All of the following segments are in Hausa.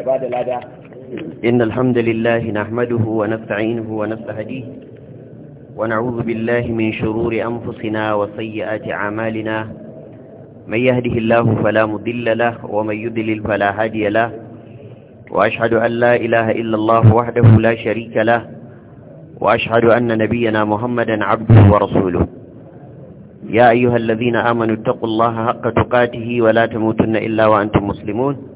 ibada lada innal hamdalillahi nahmaduhu wa nasta'inuhu wa nastahdihi wa na'udhu billahi min shururi anfusina wa sayyiati a'malina may yahdihillahu fala mudilla lahu wa may yudlil fala hadiya lahu wa ashhadu an la ilaha illa allah wahdahu la sharika lahu wa ashhadu anna nabiyyana muhammadan 'abduhu wa rasuluhu يا ايها الذين امنوا اتقوا الله حق تقاته illa wa الا وانتم مسلمون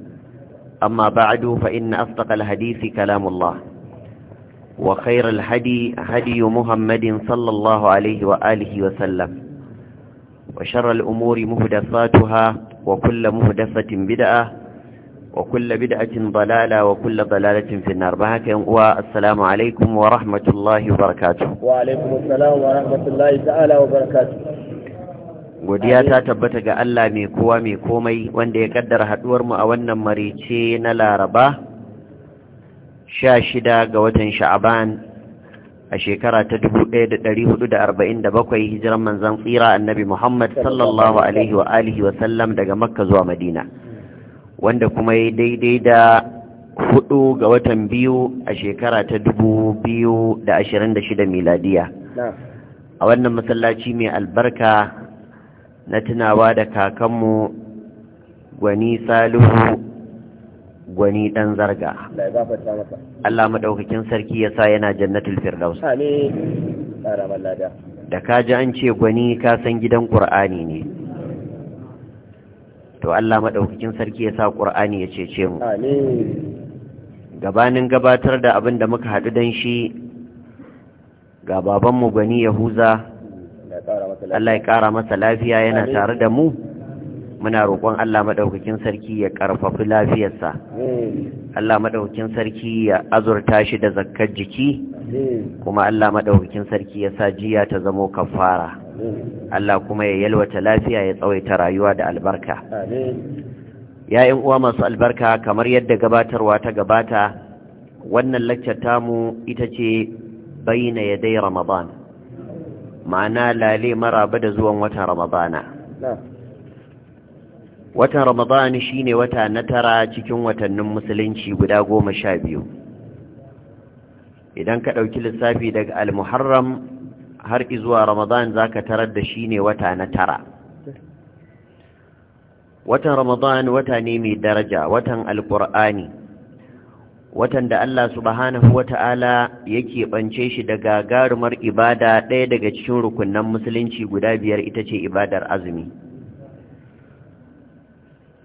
أما بعد فإن أصدق الحديث كلام الله وخير الهدي هدي محمد صلى الله عليه وآله وسلم وشر الأمور مهدفاتها وكل مهدفة بدعة وكل بدعة ضلالة وكل ضلالة في النار بهك والسلام عليكم ورحمة الله وبركاته وعليكم السلام ورحمة الله تعالى وبركاته godiya ta tabbata ga Allah mai kowa mai komai wanda ya kaddara haduwar mu a wannan marice na Laraba 16 ga watan Sha'aban a shekara ta 1447 hijiran manzon tsira annabi Muhammad sallallahu alaihi wa alihi wa sallam daga Makka zuwa Madina wanda kuma ya daidai da hudu ga watan biyu a shekara ta 2026 miladiya a wannan masallaci mai albarka na tunawa da kakanmu gwani salihu gwani ɗan zarga Allah maɗaukakin sarki ya sa yana jannatul firdaus da ka ji an ce gwani ka gidan ƙur'ani ne to Allah maɗaukakin sarki ya sa ƙur'ani ya cece mu gabanin gabatar da abin da muka haɗu don shi ga babanmu gwani yahuza Allah ya ƙara masa lafiya yana tare da mu muna roƙon Allah maɗaukakin sarki ya ƙarfafi lafiyarsa Allah maɗaukakin sarki ya azurta shi da zakkar jiki kuma Allah maɗaukakin sarki ya sa jiya ta zamo kafara Allah kuma ya yalwata lafiya ya tsawaita rayuwa da albarka Ya'yan uwa masu albarka kamar yadda gabatarwa ta gabata wannan laccar tamu ita ce bayyana dai ramadan ma'ana lale maraba da zuwan watan ramadana watan ramadana shine wata na tara cikin watannin musulunci guda goma sha biyu idan ka ɗauki lissafi daga almuharram har izuwa ramadan za ka tarar da shine wata na tara watan ramadana wata ne mai daraja watan alkur'ani watan da Allah subhanahu Ta'ala yake bance shi da gagarumar ibada ɗaya daga cikin rukunnan musulunci guda biyar ita ce ibadar azumi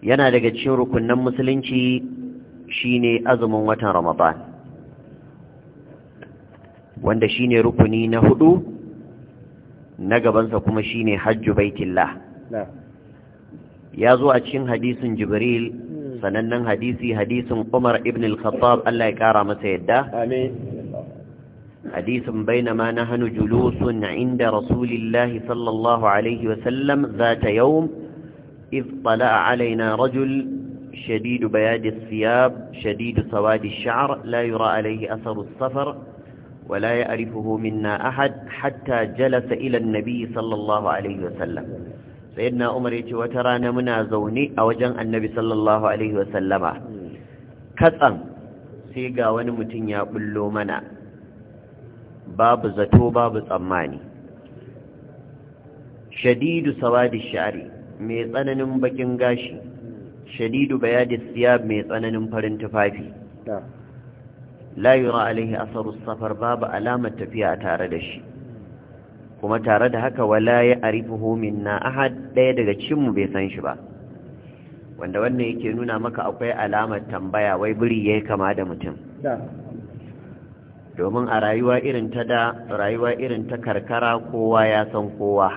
yana daga cikin rukunnan musulunci shine azumin watan Ramadan wanda shine rukuni na hudu na gabansa kuma shine hajju baitillah ya zo a cikin hadisin Jibril سنن حديثي حديث عمر ابن الخطاب الله يكرم مسيدا امين حديث بينما نحن جلوس عند رسول الله صلى الله عليه وسلم ذات يوم إذ طلع علينا رجل شديد بياد الثياب شديد سواد الشعر لا يرى عليه أثر السفر ولا يعرفه منا أحد حتى جلس إلى النبي صلى الله عليه وسلم sayyidina umar yace wata rana muna zaune a wajen annabi sallallahu alaihi wasallama katsan sai ga wani mutum ya bullo mana babu zato babu tsammani shadidu sawadi sha'ri mai tsananin bakin gashi shadidu bayadi siyab mai tsananin farin tufafi la yura alaihi asaru safar babu alamar tafiya tare da shi kuma tare da haka wala ya arifuhu na ahad ɗaya daga cikinmu bai san shi ba wanda wannan yake nuna maka akwai alamar tambaya wai biri yayi kama da mutum domin a rayuwa irin ta da rayuwa irin ta karkara kowa ya san kowa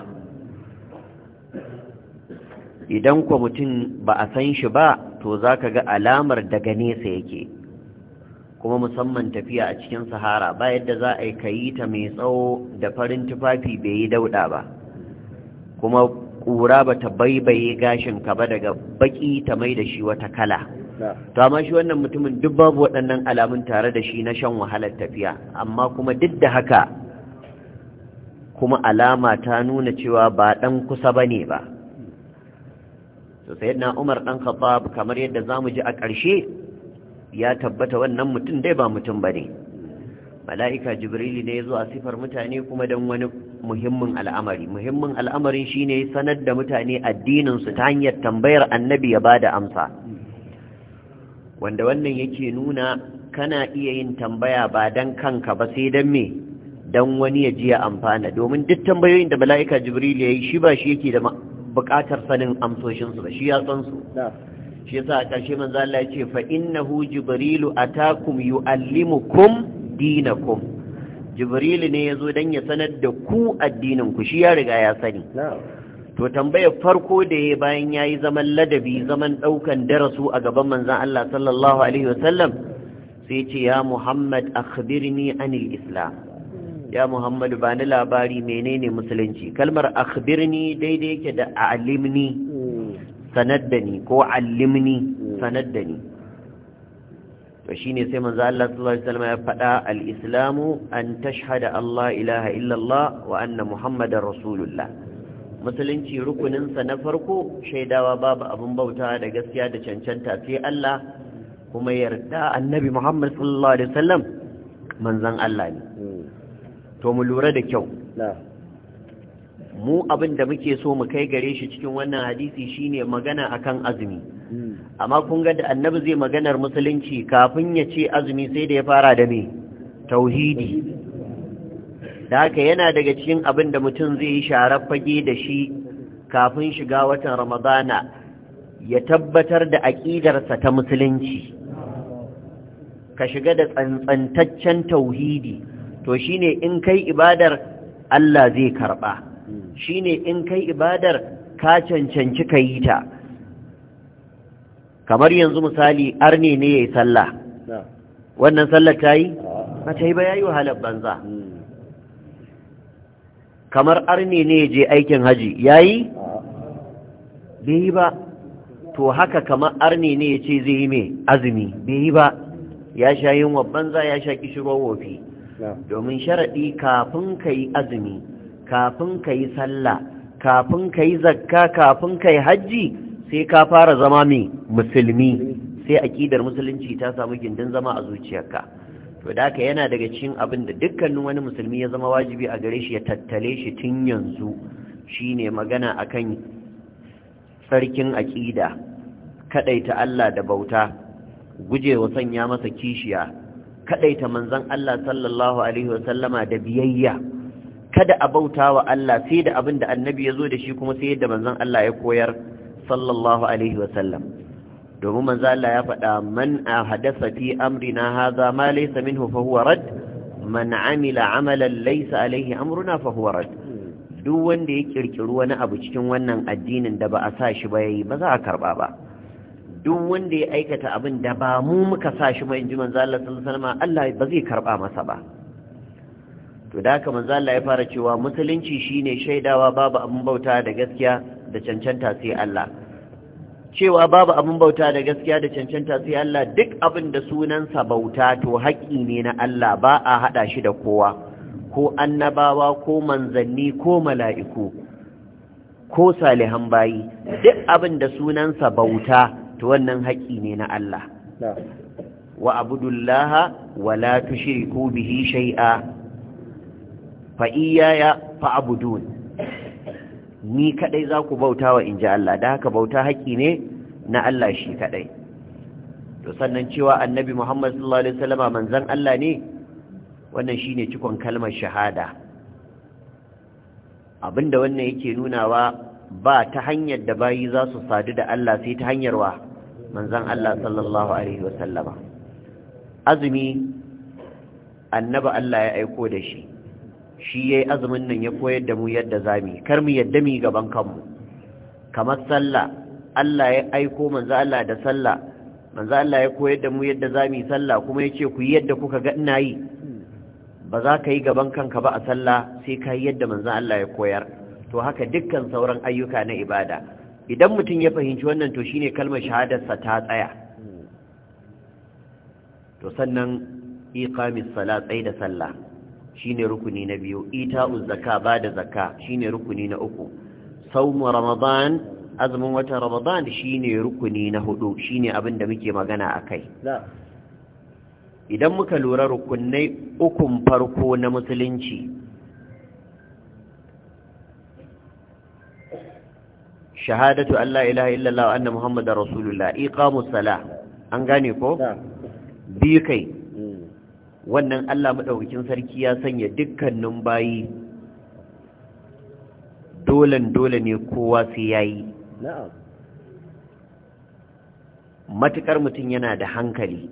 idan kwa mutum ba a san shi ba to zaka ga alamar daga nesa yake kuma musamman tafiya a cikin sahara ba yadda za a yi kayi ta mai tsawo da farin tufafi bai yi dauɗa ba kuma ƙura ba ta baibaye gashin ka ba daga baki ta mai da shi wata kala to amma shi wannan mutumin duk babu waɗannan alamun tare da shi na shan wahalar tafiya amma kuma duk da haka kuma alama ta nuna cewa ba ɗan kusa ba ne ba Sosai na umar ɗan khattab kamar yadda za mu ji a ƙarshe ya tabbata wannan mutum dai ba mutum ba ne mala'ika jibrili ne ya zo a sifar mutane kuma don wani muhimmin al'amari muhimmin al'amarin shi ne sanar da mutane addininsu ta hanyar tambayar annabi ya ba da amsa wanda wannan yake nuna kana iya yin tambaya ba don kanka ba sai don me don wani ya ji ya amfana domin duk tambayoyin da mala'ika jibrili ya yi shi ba shi yake da buƙatar sanin amsoshinsu ba shi ya san su shi yasa a ƙarshe manzo Allah ya ce fa innahu jibrilu atakum yuallimukum dinakum jibrilu ne ya zo dan ya sanar da ku addinin ku shi ya riga ya sani to tambayar farko da ya bayan yayi zaman ladabi zaman ɗaukan darasu a gaban manzon Allah sallallahu alaihi wasallam sai ce ya Muhammad akhbirni anil islam ya Muhammadu bani labari menene musulunci kalmar akhbirni daidai yake da alimni hmm. ni ko allimni mm. ni to shine sai manzo Allah sallallahu alaihi wasallam ya faɗa al-islamu an tashhada Allah ilaha illallah wa anna muhammadar rasulullah musulunci rukunin sa na farko shaidawa babu abun bauta da gaskiya da cancanta sai Allah kuma yarda annabi Muhammad sallallahu alaihi wasallam manzon Allah ne mm. to mu lura da kyau mu abin da muke so mu kai gare shi cikin wannan hadisi shine magana akan azumi hmm. amma kun ga da annabi zai maganar musulunci kafin ya ce azumi sai da ya fara da me tauhidi da haka yana daga cikin abin da mutum zai yi sharar fage da shi kafin shiga watan ramadana ya tabbatar da aƙidarsa ta musulunci ka shiga da tsantsantaccen tauhidi to shine in kai ibadar Allah zai karɓa Shi ne in kai ibadar ka cancanci ka yi ta kamar yanzu misali arne ne ya yi sallah wannan sallar ta yi ah. ba ta yi ba ya yi wahalar banza hmm. kamar arne ne ya je aikin haji ya yi, ah. bai yi ba to haka kamar arne ne ya ce zai yi mai azumi bai yi ba ya sha yin banza ya sha kishirwar domin sharaɗi kafin ka yi azumi kafin ka yi sallah kafin ka yi zakka kafin ka yi hajji sai ka fara zama mai musulmi sai aƙidar musulunci ta samu gindin zama a zuciyarka to da haka yana daga cikin abin da dukkanin wani musulmi ya zama wajibi a gare shi ya tattale shi tun yanzu shine magana akan sarkin aƙida kadaita Allah da bauta gujewa sanya masa kishiya kadaita manzon Allah sallallahu alaihi wasallama da biyayya kada a bauta wa Allah sai da abin da annabi ya zo da shi kuma sai yadda manzon Allah ya koyar sallallahu alaihi wasallam domin manzon Allah ya faɗa man ahadasa fi amrina haza, ma laysa minhu fa huwa rad man amila amalan laysa alaihi amruna fa huwa rad duk wanda ya kirkiri wani abu cikin wannan addinin da ba a sa shi ba yayi ba za a karba ba duk wanda ya aikata abin da ba mu muka sa shi ba ji manzon Allah sallallahu alaihi wasallam Allah ba zai karɓa masa ba to da haka manzo Allah ya fara cewa musulunci shine shaidawa babu abin bauta da gaskiya da cancanta sai Allah cewa babu abin bauta da gaskiya da cancanta sai Allah duk abin da sunansa bauta to haƙƙi ne na Allah ba a hada shi da kowa ko annabawa ko manzanni ko mala'iku ko salihan bayi duk abin da sunansa bauta to wannan haƙƙi ne na Allah wa abudullaha wala tushriku bihi shay'a fa iyaya fa abudun ni kaɗai za ku bauta wa inji Allah da haka bauta haƙi ne na Allah shi kadai to sannan cewa annabi Muhammad sallallahu alaihi wasallama manzan Allah ne wannan shine cikon kalmar shahada abinda wannan yake nunawa ba ta hanyar da bayi za su sadu da Allah sai ta hanyar wa manzan Allah sallallahu alaihi wasallama azumi annaba Allah ya aiko da shi shi ya yi azumin nan ya koyar da mu yadda yi. kar mu yadda mu gaban kanmu kamar sallah Allah ya aiko manzo Allah da sallah manzo Allah ya koyar da mu yadda mu yi sallah kuma yace ku yi yadda kuka ga ina yi ba za ka yi gaban kanka ba a sallah sai ka yi yadda manzo Allah ya koyar to haka dukkan sauran ayyuka na ibada idan mutum ya fahimci wannan to shine kalmar shahadarsa ta tsaya to sannan iqamis salat tsaye da sallah shine rukuni na biyu ita'uz zakka ba da zakka shine rukuni na uku saumu ramadan azumin watan ramadan shine rukuni na hudu shine abin da muke magana akai idan muka lura rukunai ukun farko na musulunci shahadatu Allah ilaha illallah wa anna muhammadar rasulullah iqamus sala an gane ko bi kai wannan Allah maɗaukakin sarki ya sanya dukkanin bayi dolan dole ne kowa sai yayi matukar matuƙar mutum yana da hankali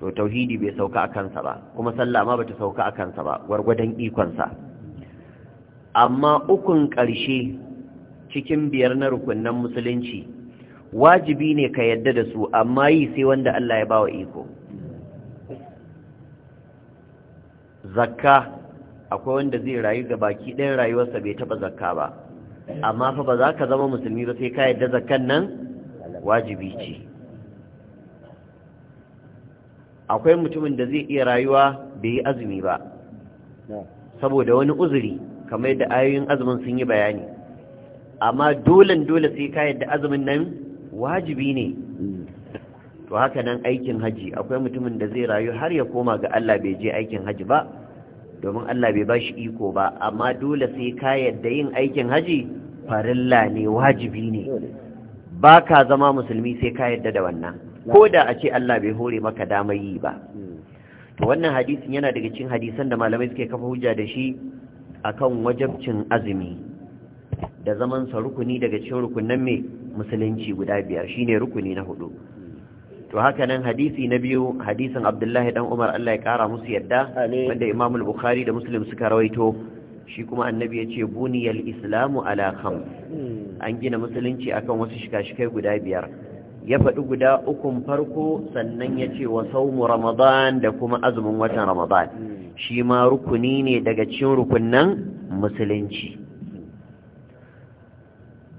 to tauhidi bai sauka a kansa ba kuma sallah ma bata sauka a kansa ba gwargwadon ikonsa amma ukun karshe cikin biyar na rukunnan musulunci wajibi ne ka yadda da su amma yi sai wanda Allah ya bawa iko zakka akwai wanda zai rayu ga baki ɗayan rayuwarsa bai taɓa zakka ba amma fa ba za ka zama musulmi ba sai ka yadda zakkan nan wajibi ce akwai mutumin da zai iya rayuwa bai yi azumi ba saboda wani uzuri kamar da ayoyin azumin sun yi bayani amma dole dole sai ka yadda azumin nan wajibi ne to haka nan aikin haji akwai mutumin da zai rayu har ya koma ga Allah bai je aikin haji ba domin Allah bai ba shi iko ba amma dole sai ka yadda yin aikin haji farilla ne wajibi ne ba ka zama musulmi sai ka yadda da wannan ko da a ce Allah bai hore maka damar yi ba to wannan hadisin yana daga cikin hadisan da malamai suke kafa hujja da shi akan wajabcin azumi da zaman sa rukuni daga cikin rukunan mai musulunci guda biyar shine rukuni na hudu to haka nan hadisi na biyu hadisin abdullahi dan umar Allah ya kara musu yadda wanda imam al-bukhari da muslim suka rawaito shi kuma annabi ya ce buniyal islamu ala kam hmm. an gina musulunci akan wasu shika-shikai guda biyar ya faɗi guda ukun farko sannan ya ce wa saumu ramadan da kuma azumin watan ramadan hmm. shi ma rukuni ne daga cikin rukunnan musulunci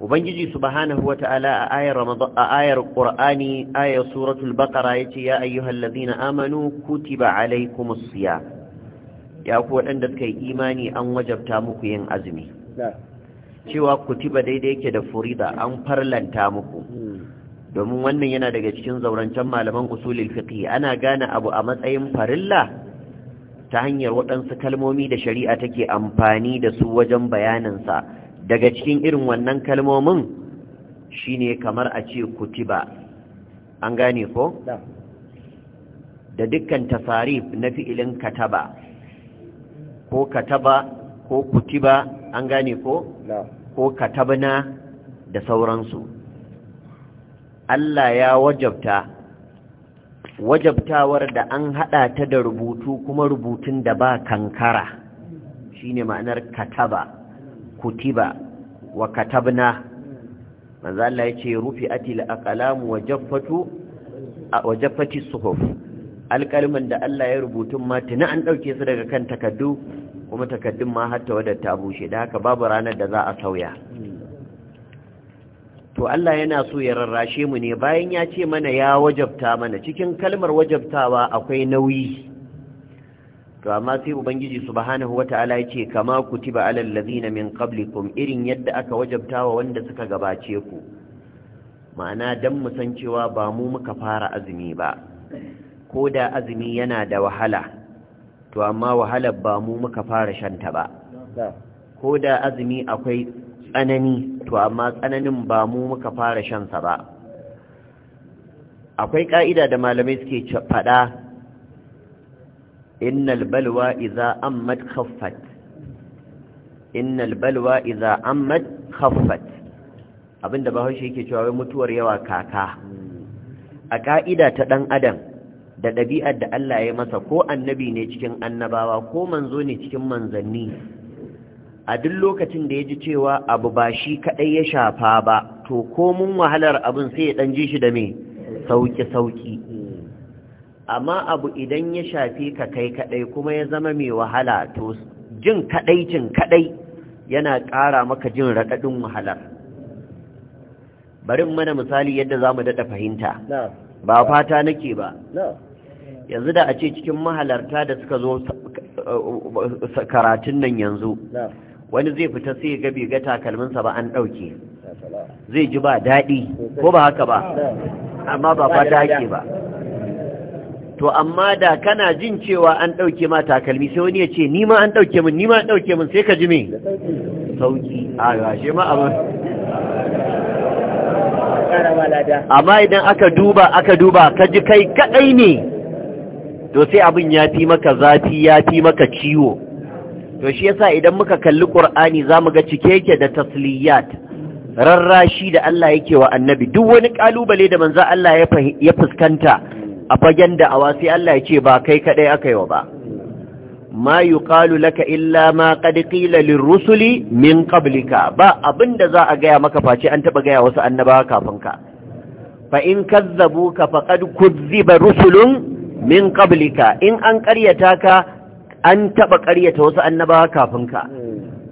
ubangiji subhanahu wata'ala a ayar ramadan a ayar qur'ani ayar suratul baqara yace ya ayyuhallazina amanu kutiba alaykumus siyam ya ku wadanda suka yi imani an wajabta muku yin azumi cewa kutiba daidai yake da furida an farlanta muku hmm. domin wannan yana daga cikin zaurancen malaman usulul fiqh ana gane abu a matsayin farilla ta hanyar waɗansu kalmomi da shari'a take amfani da su wajen bayaninsa sa daga cikin irin wannan kalmomin shine kamar a ce kutiba an gane ko da dukkan tasarif na fi'ilin kataba ko kataba ko kutiba an gane ko ko katabna da sauransu Allah ya wajabta wajabtawar da an haɗa ta da rubutu kuma rubutun da ba kankara shine ma'anar kataba kutiba wa katabna manzo Allah yace rufi'atil aqlam wa jaffatu wa jaffati suhuf alƙalmin da Allah ya rubutun ma tuni an dauke su daga kan takaddu kuma takaddun ma har ta bushe da haka babu ranar da za a sauya to Allah yana so ya rarrashe mu ne bayan ya ce mana ya wajabta mana cikin kalmar wajabtawa akwai nauyi to amma sai ubangiji subhanahu wata'ala yace kama kutiba alal ladina min qablikum irin yadda aka wajabtawa wanda suka gabace ku ma'ana dan mu san cewa ba mu muka fara azumi ba ko da azumi yana da wahala to amma wahalar ba mu muka fara shanta ba ko da azumi akwai tsanani to amma tsananin ba mu muka fara shansa ba akwai ka'ida da malamai suke faɗa innal balwa إذا أمت khaffat إن البلوى إذا أمت خفت abinda bahaushe yake cewa mutuwar yawa kaka a ka'ida ta أدن adam da ɗabi'ar da Allah ya masa ko annabi ne cikin annabawa ko manzo ne cikin manzanni a duk lokacin da ya ji cewa abu ba shi kaɗai ya shafa ba to komun wahalar abin sai ya ɗan ji shi da mai sauƙi-sauƙi amma abu idan ya shafi ka kai kadai kuma ya zama mai wahala to jin kadai jin kadai yana ƙara maka jin raɗaɗin wahalar bari mana misali yadda zamu mu daɗa fahimta ba fata nake ba yanzu da a ce cikin mahalarta da suka zo eh, karatun nan yanzu wani zai fita sai ya ga bai ga takalminsa ba an ɗauke zai ji ba daɗi ko ba haka ba amma ba fata ake ba to amma da kana jin cewa an ɗauke ma takalmi sai wani ya ce ni ma an ɗauke min ni ma an ɗauke min sai ka ji me sauki a gashe ma abin amma idan aka duba aka duba ka ji kai kaɗai ne to sai abin ya fi maka zafi ya fi maka ciwo to shi yasa idan muka kalli ƙur'ani za mu ga cike yake da tasliyat rarrashi da Allah yake wa annabi duk wani ƙalubale da manzo Allah ya fuskanta a fagen da awa sai Allah ya ce ba kai kaɗai aka yi wa ba ma yuqalu laka illa ma qad qila lirrusuli min qablika ba abinda za a gaya maka face an taba gaya wasu annabawa kafin ka fa in kazzabu kazzabuka faqad kuzziba rusulun min qablika in an ƙaryata ka an taba ƙaryata wasu annabawa kafin ka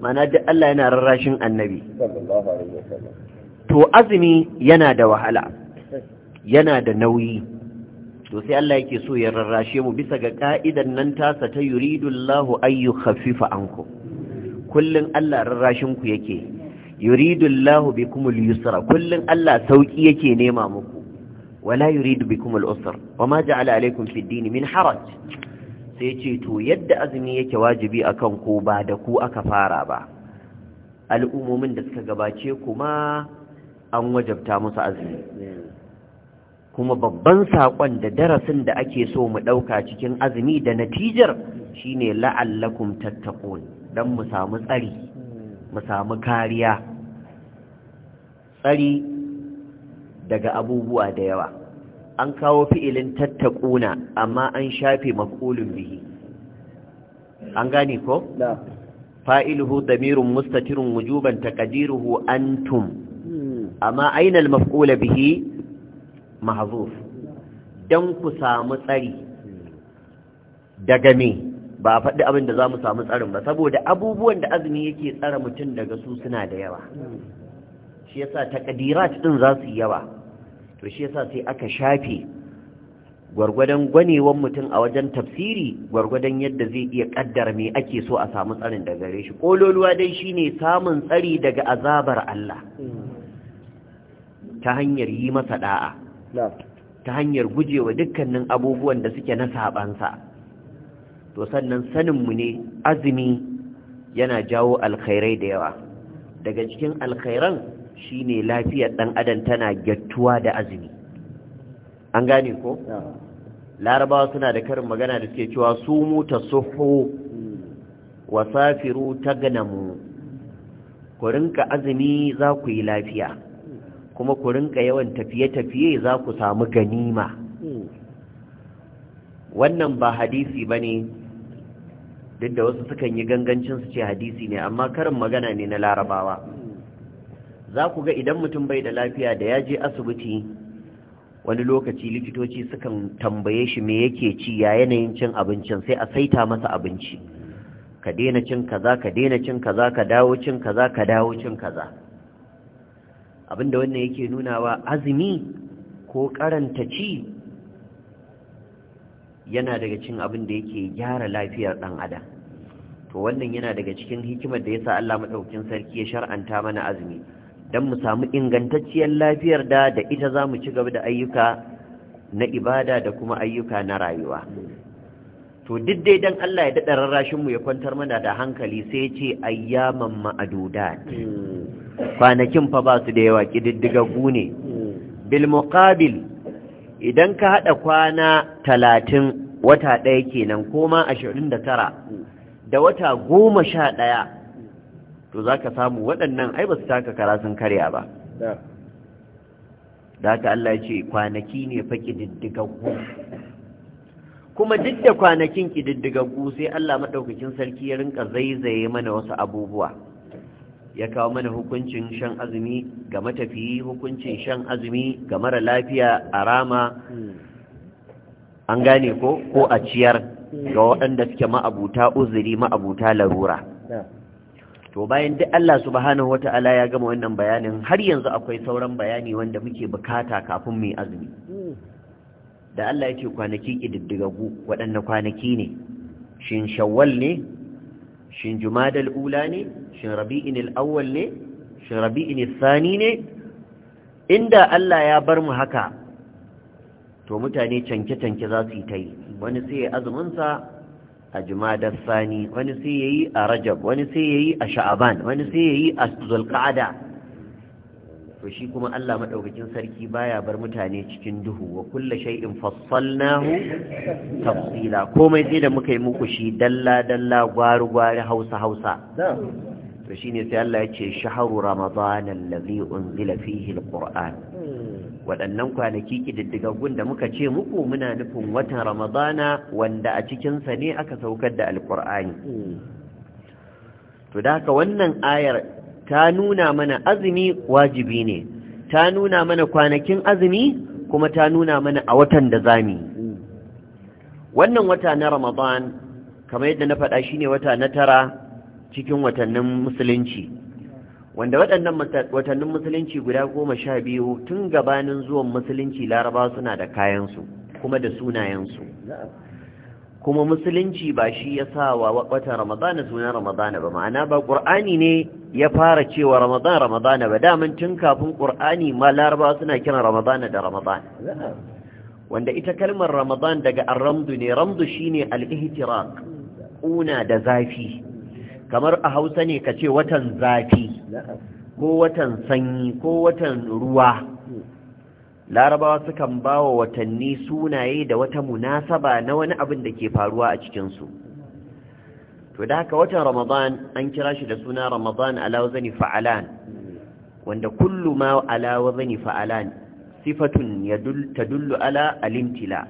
mana duk Allah yana rarrashin annabi to azumi yana da wahala yana da nauyi to sai Allah yake so ya rarrashe mu bisa ga ka'idan nan tasa ta yuridullahu ayyu khaffifa ankum kullun Allah rarrashin ku yake yuridullahu bikumul yusra kullun Allah sauki yake nema muku wala yuridu bikumul usra wama ja'ala alaykum fid din min haraj sai ce to yadda azumi yake wajibi akan ku ba da ku aka fara ba al'umomin da suka gabace kuma an wajabta musu azumi kuma babban saƙon da darasin da ake so mu ɗauka cikin azumi da natijar shine la'allakum tattaqun dan mu samu tsari mu samu kariya tsari daga abubuwa da yawa an kawo fi'ilin tattaquna amma an shafe maf'ulun bihi an gane ko fa'iluhu damirun mustatirun wujuban taqdiruhu antum hmm. amma aina al bihi mahzuf dan ku samu tsari daga me ba a faɗi abin da za mu samu tsarin ba saboda abubuwan da azumi yake tsara mutum daga su suna da yawa shi yasa takadirat din za su yawa to shi yasa sai aka shafe gwargwadon gwanewan mutum a wajen tafsiri gwargwadon yadda zai iya ƙaddara me ake so a samu tsarin daga gare shi Ƙololuwa dai shine samun tsari daga azabar Allah ta hanyar yi masa ɗa'a. ta hanyar gujewa dukkanin abubuwan da suke na sabansa to sannan saninmu ne azumi yana jawo alkhairai da yawa daga cikin alkhairan shine lafiyar dan adam tana gyattuwa da azumi an gane ko larabawa suna da karin magana da suke cewa su sumu suhu hmm. wa safiru tagnamu ku rinka azumi za ku yi lafiya kuma ku rinka yawan tafiye-tafiye za ku samu ganima wannan ba hadisi ba ne duk da wasu sukan yi gangancin su ce hadisi ne amma karin magana ne na larabawa za ku ga idan mutum bai da lafiya da ya je asibiti wani lokaci likitoci sukan tambaye shi me yake ci ya yanayin cin abincin sai a saita masa abinci ka daina cin kaza ka daina cin kaza ka dawo cin kaza ka dawo cin kaza abinda wannan yake nuna wa azumi ko karanta ci yana daga cikin abin da yake gyara lafiyar dan adam to wannan yana daga cikin hikimar da yasa Allah madaukakin sarki ya shar'anta mana azumi dan mu samu ingantacciyar lafiyar da da ita zamu ci gaba da ayyuka na ibada da kuma ayyuka na rayuwa to duk dai dan Allah ya dada rarrashin mu ya kwantar mana da hankali sai ya ce ayyaman ma'adudat hmm. kwanakin fa ba su da yawa ƙididdigaggu ne bilmuqabil idan ka haɗa kwana talatin wata ɗaya kenan koma ashirin da tara da wata goma sha ɗaya to za ka samu waɗannan ai ba su taka kara sun karya ba da haka Allah ce kwanaki ne fa ƙididdigaggu kuma duk da kwanakin ƙididdigaggu sai Allah maɗaukakin sarki ya rinka zaizaye mana wasu abubuwa ya kawo mana hukuncin shan azumi ga matafiyi hukuncin shan azumi ga mara lafiya a rama an gane ko ko a ciyar ga waɗanda suke ma'abuta uzuri ma'abuta larura to bayan duk Allah subhanahu wata'ala ya gama wannan bayanin har yanzu akwai sauran bayani wanda muke bukata kafin mu azumi da Allah yake kwanaki kididdigagu waɗanne kwanaki ne shin shawwal ne shin jumadal ula ne shin rabi'in al'awwal ne shin rabi'in sani ne inda Allah ya bar mu haka to mutane canke-canke za su yi ta yi wani sai ya azuminsa a jumadar sani wani sai ya yi a rajab wani sai ya yi a sha'aban wani sai ya yi a zulka'ada to shi kuma Allah maɗaukakin sarki baya bar mutane cikin duhu wa kulle shay'in fassalnahu tafsila komai sai da muka yi muku shi dalla dalla gwaru gwari hausa hausa to shine sai Allah ya ce shahru ramadan allazi unzila fihi alquran waɗannan kwanaki kididdigaggun da muka ce muku muna nufin watan ramadana wanda a cikinsa ne aka saukar da alkur'ani to da haka wannan ayar ta nuna mana azumi wajibi ne ta nuna mana kwanakin azumi kuma ta nuna mana a watan da zami wannan wata na ramadan kamar yadda na faɗa shi ne wata na tara cikin watannin musulunci wanda waɗannan watannin musulunci guda goma sha biyu tun gabanin zuwan musulunci laraba suna da kayansu kuma da sunayensu kuma musulunci ba shi ya sa wa wata ramadana sunan ramadana ba ma'ana ba ƙur'ani ne ya fara cewa ramadan ramadana ba daman tun kafin ƙur'ani ma laraba suna kiran ramadana da ramadana wanda ita kalmar ramadan daga al-Ramdu ne ramdu shine al-ihtiraq kuna da zafi kamar a Hausa ne kace watan zafi ko watan sanyi ko watan ruwa larabawa sukan ba wa watanni sunaye da wata munasaba na wani abin da ke faruwa a cikinsu to da haka watan ramadan an kira shi da suna ramadan wazani fa'alan wanda kullu ma wazani fa'alan sifatun ta dullu ala alimtila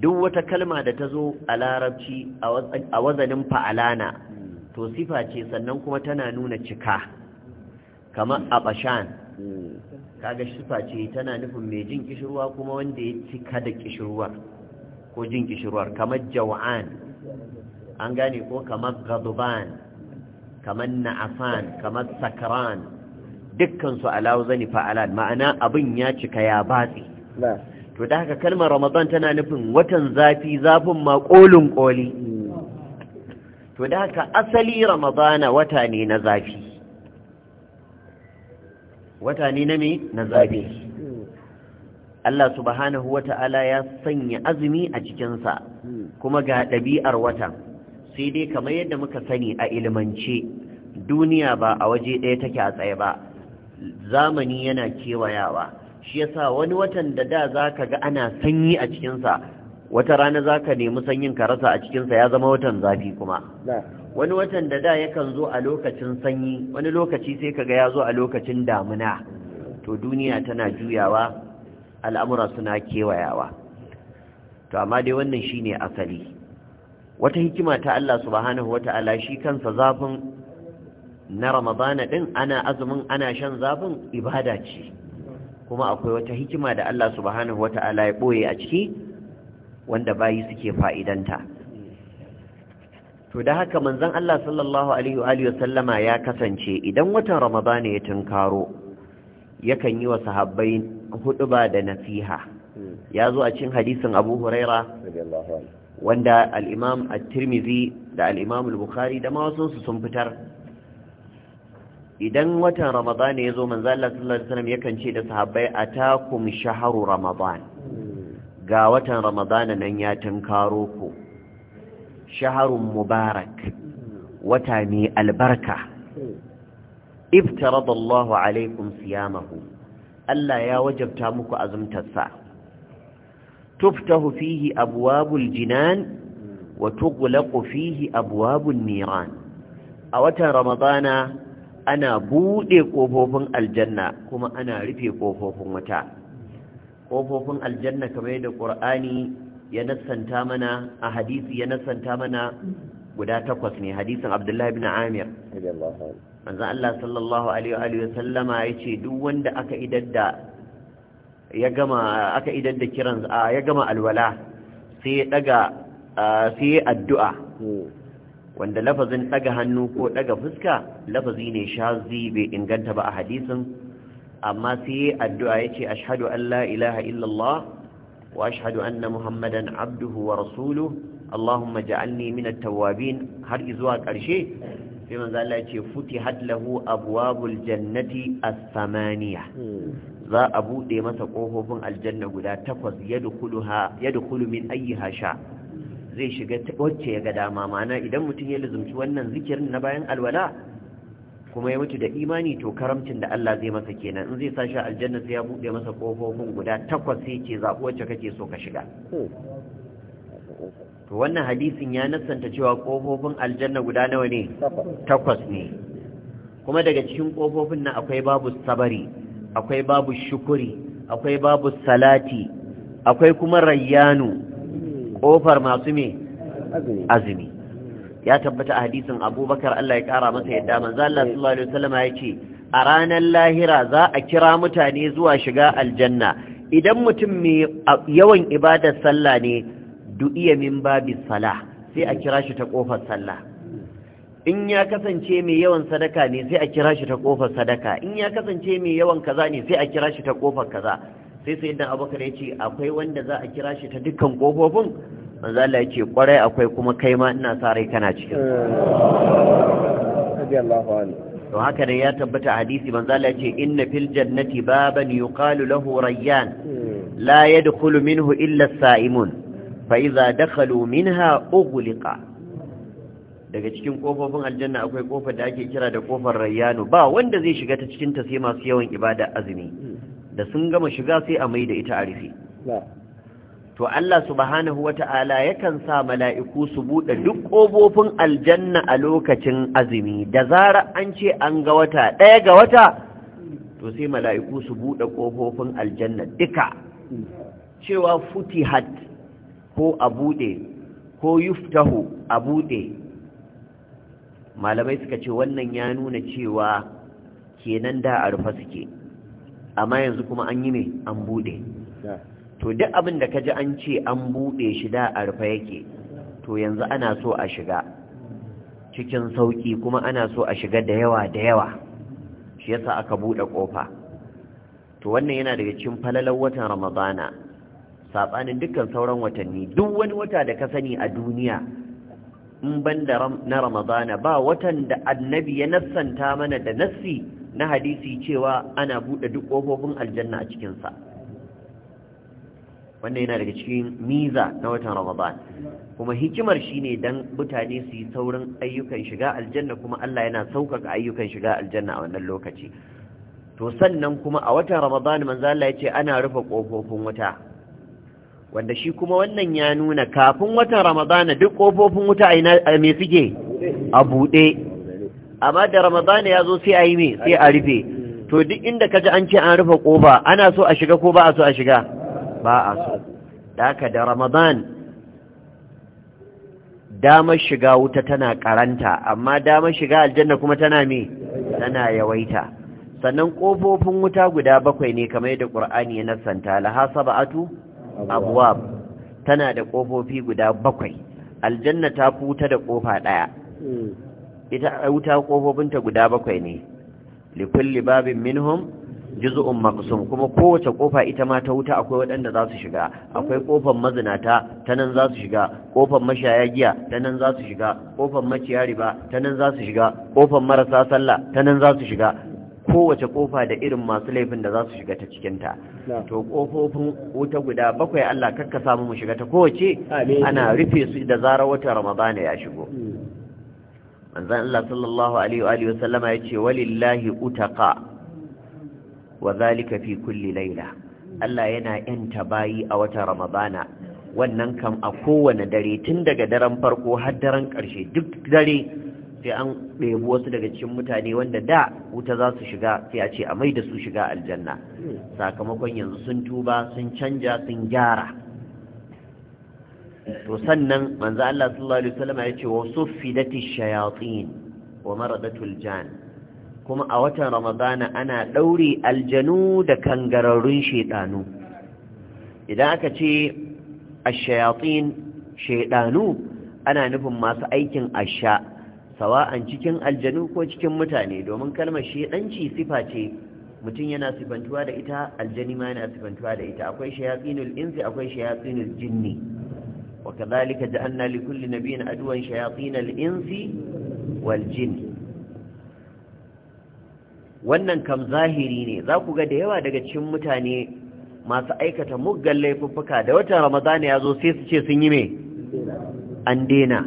duk wata kalma da ta zo a larabci a wazanin fa'alana to sifa ce sannan kuma tana nuna cika kamar abashan kaga sifa ce tana nufin mai jin kishirwa kuma wanda ya cika da kishirwar ko jin kishirwar kamar jaw'an an gane ko kamar gaduban kamar na'afan kamar sakran dukkansu alawu zani fa'alan ma'ana abin ya cika ya batsi to da haka kalmar ramadan tana nufin watan zafi zafin ma kolin koli hmm. to da haka asali ramadana wata ne na zafi wata ne na me na zafi Allah subhanahu wa ta'ala ya sanya azumi a cikinsa kuma ga ɗabi'ar watan sai dai kamar yadda muka sani a ilimance duniya ba a waje ɗaya take a tsaye ba zamani yana kewayawa shi yasa wani watan da da za ka ga ana sanyi a cikinsa wata rana za ka nemi sanyin ka rasa a cikinsa ya zama watan zafi kuma wani watan da da yakan zo a lokacin sanyi wani lokaci sai kaga ya zo a lokacin damuna to duniya tana juyawa al'amura suna kewayawa to amma dai wannan shine asali wata hikima ta Allah subhanahu wata'ala shi kansa zafin na ramadana din ana azumin ana shan zafin ibada ce kuma akwai wata hikima da Allah subhanahu wata'ala ya boye a ciki wanda bayi suke fa'idanta to da haka manzon Allah sallallahu alaihi wa alihi wasallama ya kasance idan watan ramadana ya tunkaro yakan yi wa sahabbai huduba da nasiha ya zo a cikin hadisin Abu Huraira wanda al-Imam at-Tirmidhi da al-Imam al-Bukhari da ma wasu sun fitar idan watan ramadana ya zo manzon Allah sallallahu alaihi wasallam yakan ce da sahabbai atakum shahru ramadan hmm. ga watan ramadana nan ya tunkaro ku shaharun mubarak wata ne albarka iftarada Allahu alaikum siyamahu Allah ya wajabta muku azumtarsa tuftahu fihi abuwabul jinan wa tughlaqu fihi abuwabul niran a watan ramadana ana bude kofofin aljanna kuma ana rufe kofofin wata kofofin aljanna kamar yadda qur'ani ya nassanta mana a hadisi ya nassanta mana guda takwas ne hadisin abdullahi bin amir manzan Allah sallallahu alaihi wa sallama ya ce duk wanda aka idadda ya gama aka idadda kiran ya gama alwala sai ya daga sai ya addu'a wanda lafazin daga hannu ko daga fuska lafazi ne shazi bai inganta ba a hadisin amma sai addu'a ya ce ashhadu an la ilaha illallah وأشهد أن محمدا عبده ورسوله اللهم اجعلني من التوابين هل إزواك أرشي في من ذلك فتحت له أبواب الجنة الثمانية ذا أبو ديما تقوهب الجنة ولا تفز يدخلها يدخل من أيها شاء zai shiga wacce ya ga dama mana idan mutum ya lizumci wannan zikirin na bayan alwala kuma ya mutu da imani to karamcin da Allah zai masa kenan in zai sa shi aljanna sai ya bude masa kofofin guda takwas sai ce zaɓi wacce kake so ka shiga hmm. to wannan hadisin ya nassanta cewa kofofin aljanna guda nawa ne takwas ne kuma daga cikin kofofin nan akwai babu sabari akwai babu shukuri akwai babu salati akwai kuma rayyanu kofar hmm. masu me azumi ya tabbata a hadisin abubakar Allah ya kara masa yadda manzo Allah sallallahu alaihi wasallam ya ce a ranar lahira za a kira mutane zuwa shiga aljanna idan mutum mai yawan ibadar sallah ne du'iya min babu salah sai a kira shi ta kofar sallah in ya kasance mai yawan sadaka ne sai a kira shi ta kofar sadaka in ya kasance mai yawan kaza ne sai a kira shi ta kofar kaza sai sai dan abubakar ya ce akwai wanda za a kira shi ta dukkan kofofin manzala Allah yake kwarai akwai kuma kai ma ina sa rai kana cikin to haka ne ya tabbata hadisi manzo Allah yake inna fil jannati baban yuqalu lahu rayyan hmm. la yadkhulu minhu illa as-sa'imun fa idza dakhalu minha ughliqa daga cikin ƙofofin aljanna akwai ƙofar da ake kira da kofar rayyanu ba wanda zai shiga ta cikin ta sai masu yawan ibada azumi hmm. da sun gama shiga sai a mai da ita a rufe to Allah subhanahu wata'ala yakan sa mala'iku su buɗe duk ƙofofin aljanna a lokacin azumi da zara an ce an ga wata ɗaya ga wata to sai mala'iku su buɗe ƙofofin aljanna duka cewa futihat ko a buɗe ko yuftahu a buɗe malamai suka ce wannan ya nuna cewa kenan da a rufe suke amma yanzu kuma an yi ne an buɗe to duk abin da kaji an ce an buɗe shi da a rufe yake to yanzu ana so a shiga cikin sauƙi kuma ana so a shiga da yawa da yawa shi yasa aka buɗe ƙofa to wannan yana daga cikin falalar watan ramadana saɓanin dukkan sauran watanni duk wani wata da ka sani a duniya in ban da na ramadana ba watan da annabi ya nassanta mana da nassi na hadisi cewa ana buɗe duk ƙofofin aljanna a cikinsa wanda yana daga cikin miza na watan ramadan kuma hikimar shine dan mutane su yi saurin ayyukan shiga aljanna kuma Allah yana saukaka ayyukan shiga aljanna a wannan lokaci to sannan kuma a watan ramadan manzo Allah ya ce ana rufe kofofin wuta wanda shi kuma wannan ya nuna kafin watan ramadan duk kofofin wuta a me suke a buɗe amma da ramadana ya zo sai a yi me sai a rufe to duk inda kaji an ce an rufe kofa ana so a shiga ko ba a so a shiga ba a so daka da ramadan damar shiga wuta tana karanta amma damar shiga aljanna kuma tana me tana yawaita sannan kofofin wuta guda bakwai ne kamar yadda qur'ani ya nasanta laha sab'atu abwab tana da kofofi guda bakwai aljanna ta futa da kofa daya hmm. ita wuta kofofinta guda bakwai ne likulli babin minhum juz'un maqsum kuma kowace kofa ita ma ta wuta akwai waɗanda za su shiga akwai kofar mazinata ta nan za su shiga kofar mashaya giya ta nan za su shiga kofar maciya riba ta nan za su shiga kofar marasa sallah ta nan za su shiga kowace kofa da irin masu laifin da za su shiga ta cikinta to kofofin wuta guda bakwai Allah kakka samu mu shiga ta kowace ana rufe su da zarar wata ramadana ya shigo hmm. manzon Allah sallallahu alaihi wa alihi yace walillahi utaqa wa zalika fi kulli laila Allah yana yanta bayi a wata ramadana wannan kam a kowane dare tun daga daren farko har daren ƙarshe duk dare sai an ɗebi wasu daga cikin mutane wanda da wuta za su shiga sai a ce a mai da su shiga aljanna sakamakon yanzu sun tuba sun canja sun gyara to sannan manzo Allah sallallahu alaihi wasallam ya ce wa suffidati shayatin wa maradatul tuljan. kuma a watan ramadana ana ɗaure aljanu da kangararrun shaidanu idan aka ce ashayatin shaidanu ana nufin masu aikin asha sawa'an cikin aljanu ko cikin mutane domin kalmar shaidanci sifa ce mutum yana sifantuwa da ita aljani ma yana sifantuwa da ita akwai shayatsinul insi akwai shayatsinul jinni wa kadhalika ja'alna likulli nabiyyin aduwan shayatinal insi wal jinni wannan kam zahiri ne za ku ga da yawa daga cikin mutane masu aikata muggan laifuffuka da watan ramadana ya zo sai su ce sun yi me an dena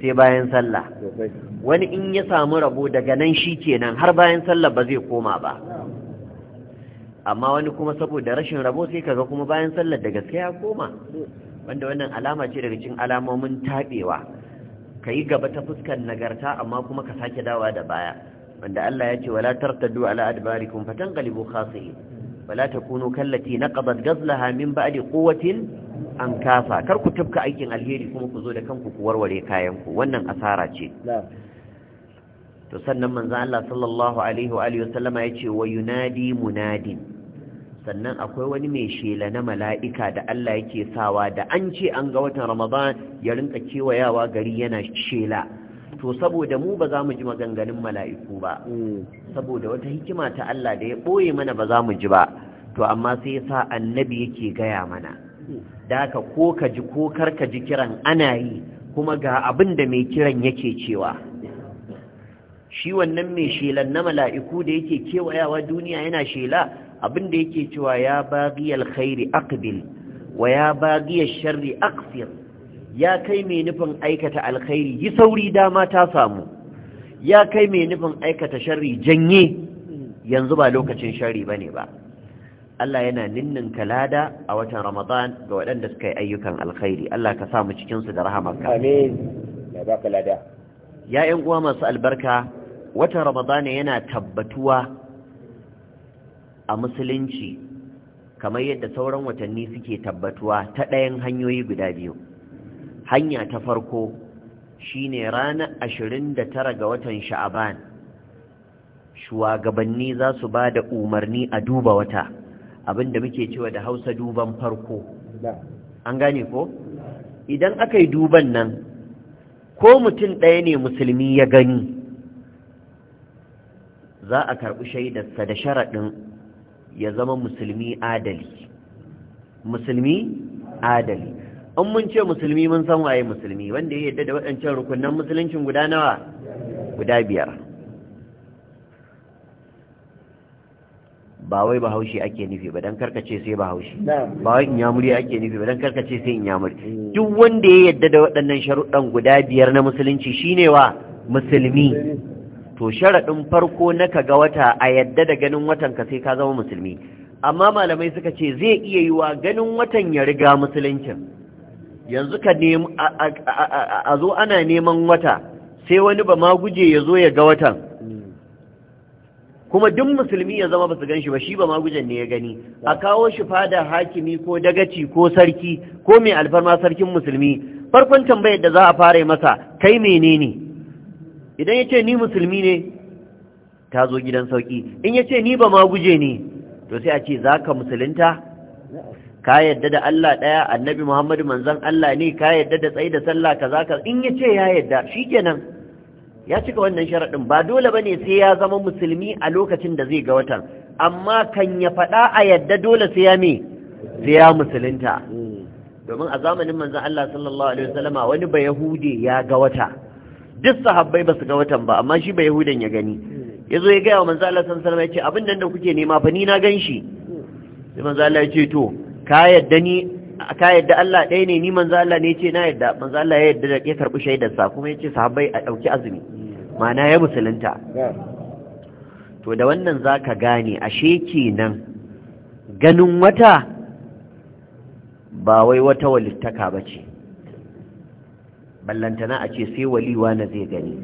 sai bayan sallah wani in ya samu rabo daga nan shi kenan har bayan sallah ba zai koma ba amma wani kuma saboda rashin rabo sai kaga kuma bayan sallah da gaske ya koma wanda wannan alama ce daga cikin alamomin taɓewa ka yi gaba ta fuskar nagarta amma kuma ka sake dawa da baya wanda Allah ya ce wala tartaddu ala adbarikum fatanqalibu khasirin wala takunu kallati naqadat ghazlaha min ba'di quwwatin ankafa kar ku tafka aikin alheri kuma ku zo da kanku ku warware kayan ku wannan asara ce to sannan manzo Allah sallallahu alaihi wa alihi wasallama yace wa yunadi munadin sannan akwai wani mai shela na mala'ika da Allah yake sawa da an ce an ga watan Ramadan ya rinka kewayawa gari yana shela to saboda mu ba za mu ji maganganun mala'iku ba mm. saboda wata hikima ta Allah da ya ɓoye mana ba za mu ji ba to amma sai ya sa annabi yake gaya mana mm. da ka ko ka ji ko kar ka ji kiran ana yi kuma ga abin da mai kiran yake cewa shi wannan mai shelan na mala'iku da yake kewayawa duniya yana shela abin da yake cewa ya baghiyal khairi aqbil wa ya baghiyal sharri aqsir ya kai mai nufin aikata alkhairi yi sauri dama ta samu ya kai mai nufin aikata shari janye yanzu ba lokacin shari ba ne ba Allah yana ninnin kalada a watan Ramadan ga waɗanda suka yi ayyukan alkhairi Allah ka samu cikinsu da rahamarka amin ya ba kalada ya uwa masu albarka watan Ramadan yana tabbatuwa a musulunci kamar yadda sauran watanni suke tabbatuwa ta ɗayan hanyoyi guda biyu hanya ta farko shine ranar ashirin da tara ga watan sha'aban shugabanni za su ba da umarni a duba wata abinda muke cewa da hausa duban farko an gane ko idan aka yi duban nan ko mutum ɗaya ne musulmi ya gani za a karɓi shaidarsa da sharaɗin ya zama musulmi adali musulmi adali in mun ce musulmi mun san waye musulmi wanda ya yadda da waɗancan rukunan musuluncin guda nawa guda biyar ba wai bahaushe ake nufi ba don karkace sai bahaushe ba wai inyamuri ake nufi ba don karkace sai inyamuri duk wanda ya yadda da waɗannan sharuɗan guda biyar na musulunci shine wa musulmi to sharaɗin farko na ka ga wata a yadda da ganin watan ka sai ka zama musulmi amma malamai suka ce zai iya yiwa ganin watan ya riga musuluncin yanzu ka nemi a zo ana neman wata sai wani ba ma guje ya zo ya ga watan kuma duk musulmi ya zama ba su gan shi ba shi ba ma gujen ne ya gani a kawo shi fada hakimi ko dagaci ko sarki ko mai alfarma sarkin musulmi farkon tambayar da za a fara masa kai menene idan ya ce ni musulmi ne ta zo gidan sauki in ya ce ni ba ma guje ne to sai a ce za ka musulunta ka yadda da Allah ɗaya annabi Muhammadu manzon Allah ne ka yadda da tsaye da sallah kaza ka in ya ce ya yadda shi nan. ya cika wannan sharaɗin ba dole ba ne sai ya zama musulmi a lokacin da zai ga watan amma kan ya faɗa a yadda dole sai ya me sai ya musulunta domin a zamanin manzon Allah sallallahu alaihi wasallama wani ba Yahudi ya ga wata duk sahabbai ba su ga watan ba amma shi ba ya gani ya ya gaya wa manzon Allah sallallahu ya ce abin nan da kuke nema fa ni na gan shi sai ya ce to ka yadda Allah ɗaya ne ni manzo Allah ne ce na yadda manzo Allah ya yadda da ke karɓi sa, kuma ya ce sahabbai a ɗauki azumi ma'ana ya musulunta to da wannan za ka gane ashe kenan ganin wata ba wai wata walittaka ba ce ballantana a ce sai waliwa na zai gani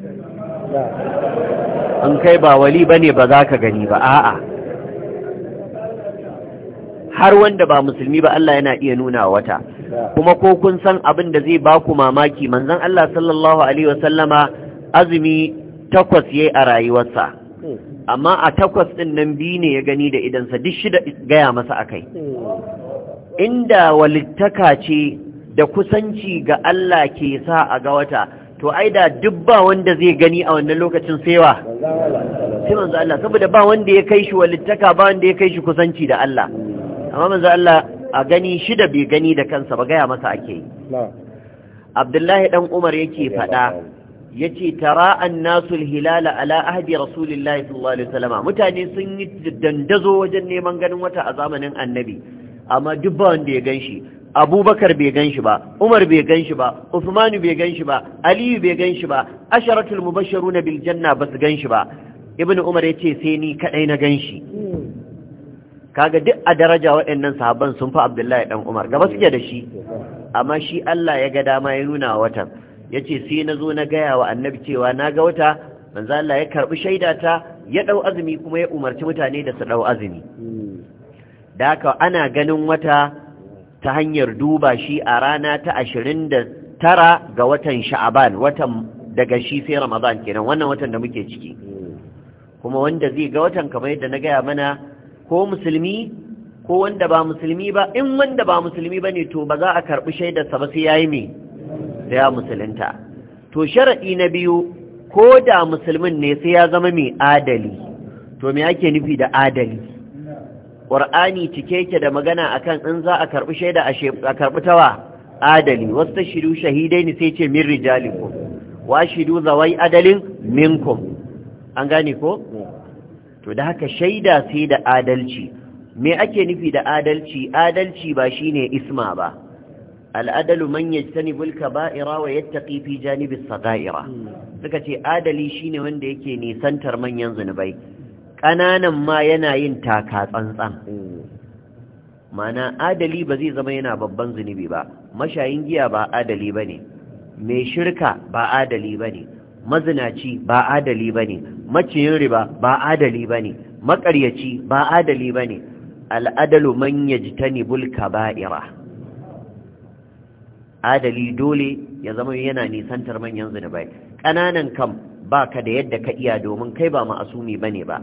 An kai ba wali ba ne ba za ka gani ba a'a har wanda ba musulmi ba Allah yana iya nuna wata kuma ko kun san abin da zai baku mamaki manzon Allah sallallahu alaihi wasallama azumi takwas yayi a rayuwarsa amma a takwas din nan biyu ne ya gani da sa duk shida gaya masa akai inda walittaka ce da kusanci ga Allah ke sa a ga wata to ai da duk ba wanda zai gani a wannan lokacin saiwa sai manzo Allah saboda ba wanda ya kai shi walittaka ba wanda ya kai shi kusanci da Allah amma manzo Allah a gani shida bai gani da kansa ba gaya masa ake yi abdullahi dan umar yake faɗa yace tara annasul hilala ala ahdi rasulillahi sallallahu alaihi wasallam mutane sun yi dandazo wajen neman ganin wata a zamanin annabi amma duk ba wanda ya ganshi abubakar bai ganshi ba umar bai ganshi ba usmanu bai ganshi ba aliyu bai ganshi ba asharatul mubashiruna bil janna basu ganshi ba ibnu umar yace sai ni kadai na gan shi. Hmm. kaga duk a daraja waɗannan sahabban sun fi abdullahi dan umar gaba suke da shi amma shi Allah ya ga dama ya nuna wa watan yace sai na zo na gaya wa annabi cewa na ga wata manzo Allah ya karbi ta ya ɗau azumi kuma ya umarci mutane da su ɗau azumi da haka ana ganin wata ta hanyar duba shi a rana ta tara ga watan sha'aban watan daga shi sai ramadan kenan wannan watan da muke ciki kuma wanda zai ga watan kamar yadda na gaya mana ko musulmi ko wanda ba musulmi ba in wanda ba musulmi ba ne to ba za a karɓi shaidarsa ba sai ya yi mai ya musulunta to sharaɗi na biyu ko da musulmin ne sai ya zama mai adali to me ake nufi da adali ƙwar'ani cike yake da magana akan in za a karɓi shaida a karɓi tawa adali wasu ta shidu shahidai ne sai ce min rijalinku. wa shidu zawai adalin minkum an gane ko to da haka shaida sai da adalci me ake nufi da adalci adalci ba shine isma ba al'adalu man yajtanibul kaba'ira wa yattaqi fi janibis sagaira suka ce adali shine wanda yake nisantar manyan zunubai Kananan ma yana yin taka tsantsan mana adali ba zai zama yana babban zunubi ba mashayin giya ba adali bane mai shirka ba adali bane mazinaci ba adali bane maciyin riba ba adali ba ne maƙaryaci ba adali ba ne al'adalu manya ji ta nibul kaba'ira adali dole ya zama yana nisantar manyan zunubai ƙananan kam ba ka da yadda ka iya domin kai ba ma'asumi ba ne ba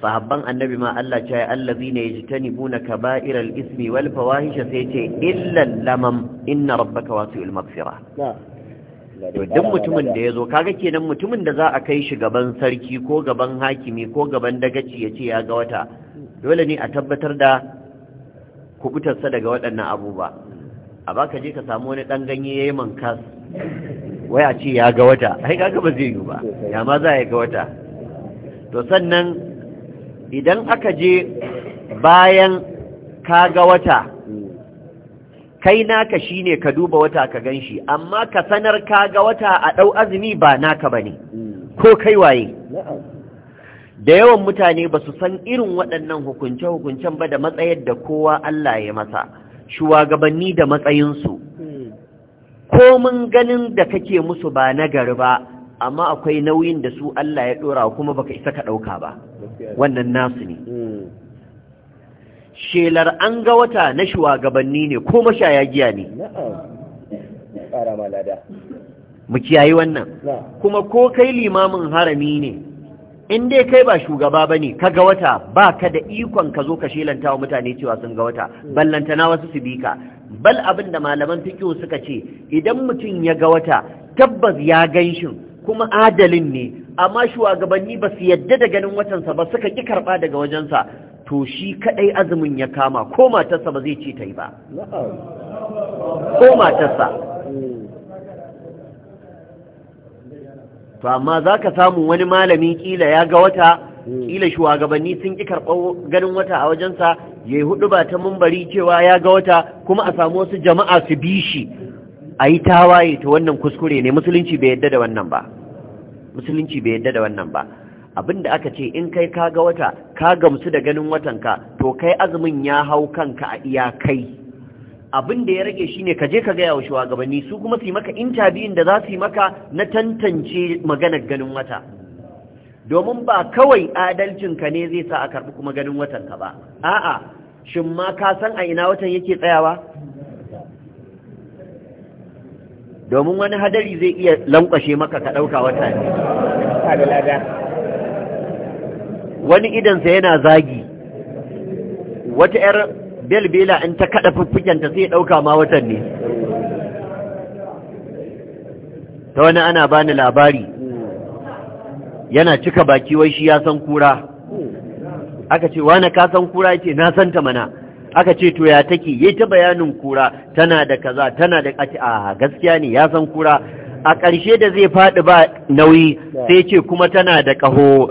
sahabban annabi ma Allah ce ya allazi ne ya ji ta nibu na kaba'irar ismi wal fawahisha sai ce illan lamam inna rabbaka wasu ilmafira to duk mutumin da ya zo kaga kenan mutumin da za a kai shi gaban sarki ko gaban hakimi ko gaban dagaci ya ce ya ga wata dole ne a tabbatar da kubutarsa daga waɗannan abubuwa a baka je ka samu wani ɗan ganye ya yi mankas waya ce ya ga wata ai kaga ba zai yi ba ya ma za ya ga wata to sannan idan aka je bayan ka ga wata kai naka shine ka duba wata ka gan shi amma ka sanar ka ga wata a ɗau azumi ba naka ba ne ko kai waye da yawan mutane ba su san irin waɗannan hukunce-hukuncen ba da matsayar da kowa Allah ya masa shugabanni da matsayinsu hmm. Ko mun ganin da kake musu ba nagari ba amma akwai nauyin da su Allah ya ɗora kuma baka isa ka ɗauka ba wannan nasu ne shelar an ga wata na shugabanni ne ko mashaya giya ne mu kiyayi wannan kuma ko kai limamin harami ne in dai kai ba shugaba ba ne ka ga wata ba ka da ikon ka zo ka shelanta wa mutane cewa sun ga wata na wasu su bi bal abin da malaman fikiyo suka ce idan mutum ya ga wata tabbas ya gan shi kuma adalin ne amma shugabanni ba su yadda da ganin watansa ba suka ƙi karɓa daga wajensa to shi kadai azumin ya kama ko matarsa ba zai ce ta yi ba ko matarsa to amma za ka samu wani malami kila ya ga wata kila shugabanni sun ƙi karɓar ganin wata a wajensa ya yi hudu ba ta mumbari cewa ya ga wata kuma a samu wasu jama'a su bi shi a yi tawaye ta wannan kuskure ne musulunci bai yadda musulunci bai yadda da wannan ba abinda aka ce in kai ka ga wata ka gamsu da ganin watanka to kai azumin ya hau kanka a iyakai abin da ya rage shine ka je ka gaya wa shugabanni su kuma su yi maka intabiyin da za su yi maka na tantance maganar ganin wata domin ba kawai adalcin ka ne zai sa a karɓi kuma ganin watanka ba a'a shin ma ka san a ina watan yake tsayawa domin wani hadari zai iya lankwashe maka ka ɗauka wata ne wani idansa yana zagi wata 'yar belbela in ta kada fuffukenta sai ɗauka ma watan ne ta wani ana bani labari yana cika baki wai shi ya san kura aka ce wani ka san kura ce na san ta mana aka ce to ya take yi ta bayanin kura tana da kaza tana da a gaskiya ne ya san kura a ƙarshe da zai faɗi ba nauyi sai ce kuma tana da ƙaho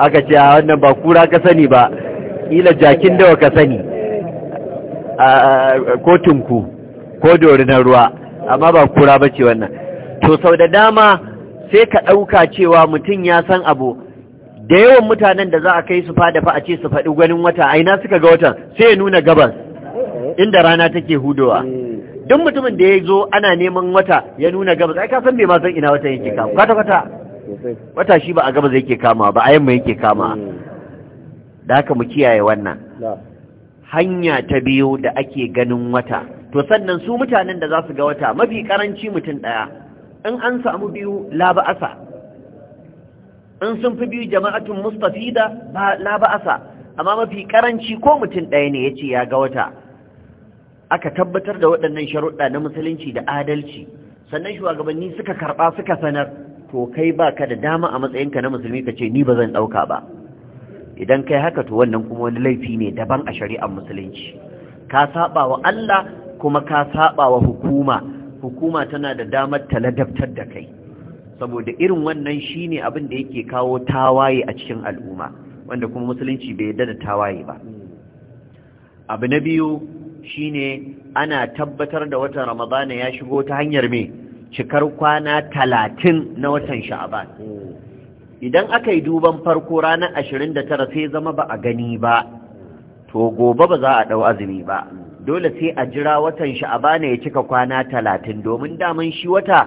aka ce a wannan ba kura ka sani ba ila jakin dawa ka sani ko tunku ko dorinar ruwa amma ba kura ba ce wannan to sau da dama sai ka ɗauka cewa mutum ya san abu da yawan mutanen da za a kai su fada fa a ce su faɗi gwanin wata aina suka ga watan sai ya nuna gabas inda rana take hudowa duk mutumin da ya zo ana neman wata ya nuna gabas ai ka san bai ma san ina wata yake ka kwata kwata matashi ba a gaba zai ke kama ba a yamma yake kama hmm. da haka mu kiyaye wannan hanya ta biyu da ake ganin wata to sannan su mutanen da za su ga wata mafi karanci mutum ɗaya in an samu biyu la ba'asa in sun fi biyu jama'atun mustafida da la ba'asa amma mafi karanci ko mutum ɗaya ne ya ce ya ga wata aka tabbatar da waɗannan sharuɗa na musulunci da adalci sannan shugabanni suka karɓa suka sanar to kai ba ka da dama a matsayinka na musulmi ka ce ni ba zan ɗauka ba idan kai haka to wannan kuma wani laifi ne daban a shari'ar musulunci ka saba wa Allah kuma ka saba wa hukuma hukuma tana da damar ta ladabtar da kai saboda irin wannan shine abin da yake kawo tawaye a cikin al'umma wanda kuma musulunci bai yarda da tawaye ba abu na biyu shine ana tabbatar da watan ramadana ya shigo ta hanyar me cikar kwana talatin na watan sha'aban idan aka yi duban farko ranar ashirin da tara sai zama ba a gani ba to gobe ba za a ɗau azumi ba dole sai a jira watan sha'aba ne ya cika kwana talatin domin daman shi wata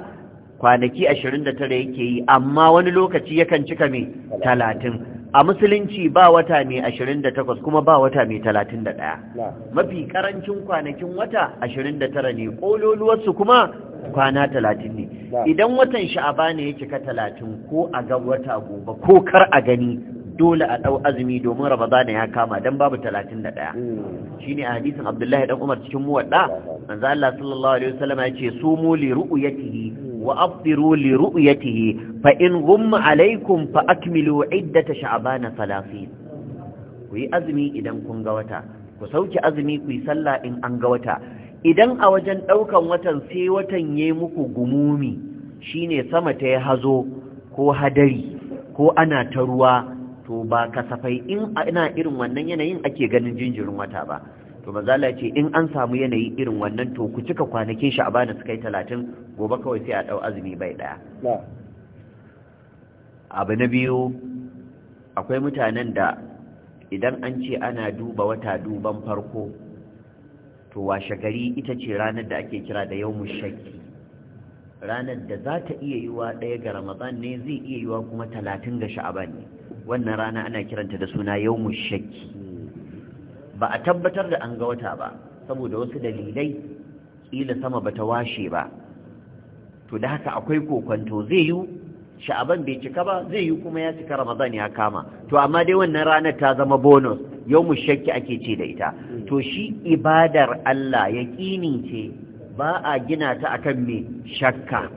kwanaki ashirin da tara yake yi amma wani lokaci yakan cika mai talatin a musulunci ba wata mai ashirin da takwas kuma ba wata mai talatin da ɗaya mafi ƙarancin kwanakin wata ashirin da tara ne ƙololuwarsu kuma kwana talatin ne idan watan sha'aba ne ya cika talatin ko a ga wata gobe ko kar a gani dole a ɗau azumi domin ramadana ya kama don babu talatin da ɗaya hmm. shi ne a hadisin abdullahi ɗan umar cikin muwaɗa manzo Allah sallallahu alaihi wasallam ya ce sumu li ru'yatihi hmm. wa afdiru li ru'yatihi fa in ghumma alaikum fa akmilu iddata na 30 ku yi azumi idan kun ga wata ku sauke azumi ku yi sallah in an ga wata idan a wajen ɗaukan watan sai watan ya muku gumumi shine sama ta ya hazo ko hadari ko ana ta ruwa to ba kasafai in ana irin wannan yanayin ake ganin jinjirin wata ba to mazala ce in an samu yanayi irin wannan to ku cika kwanakin sha'abana suka yi talatin gobe kawai sai a ɗau azumi bai ɗaya abu na biyu akwai mutanen da idan an ce ana duba wata duban farko to washe gari ita ce ranar da ake kira da yau shakki ranar da za ta iya yiwa ɗaya ga ramadan ne zai iya yiwa kuma talatin ga sha'aban ne wannan rana ana kiranta da suna yau shakki ba a tabbatar da an ga wata ba saboda wasu dalilai ƙila sama bata washe ba to da haka akwai kokonto zai yiwu sha'aban bai cika ba zai yi kuma ya cika ramadan ya kama to amma dai wannan ranar ta zama bonus yau mu shakki ake ce da ita to shi ibadar Allah yaƙini ce ba a gina ta akan me shakka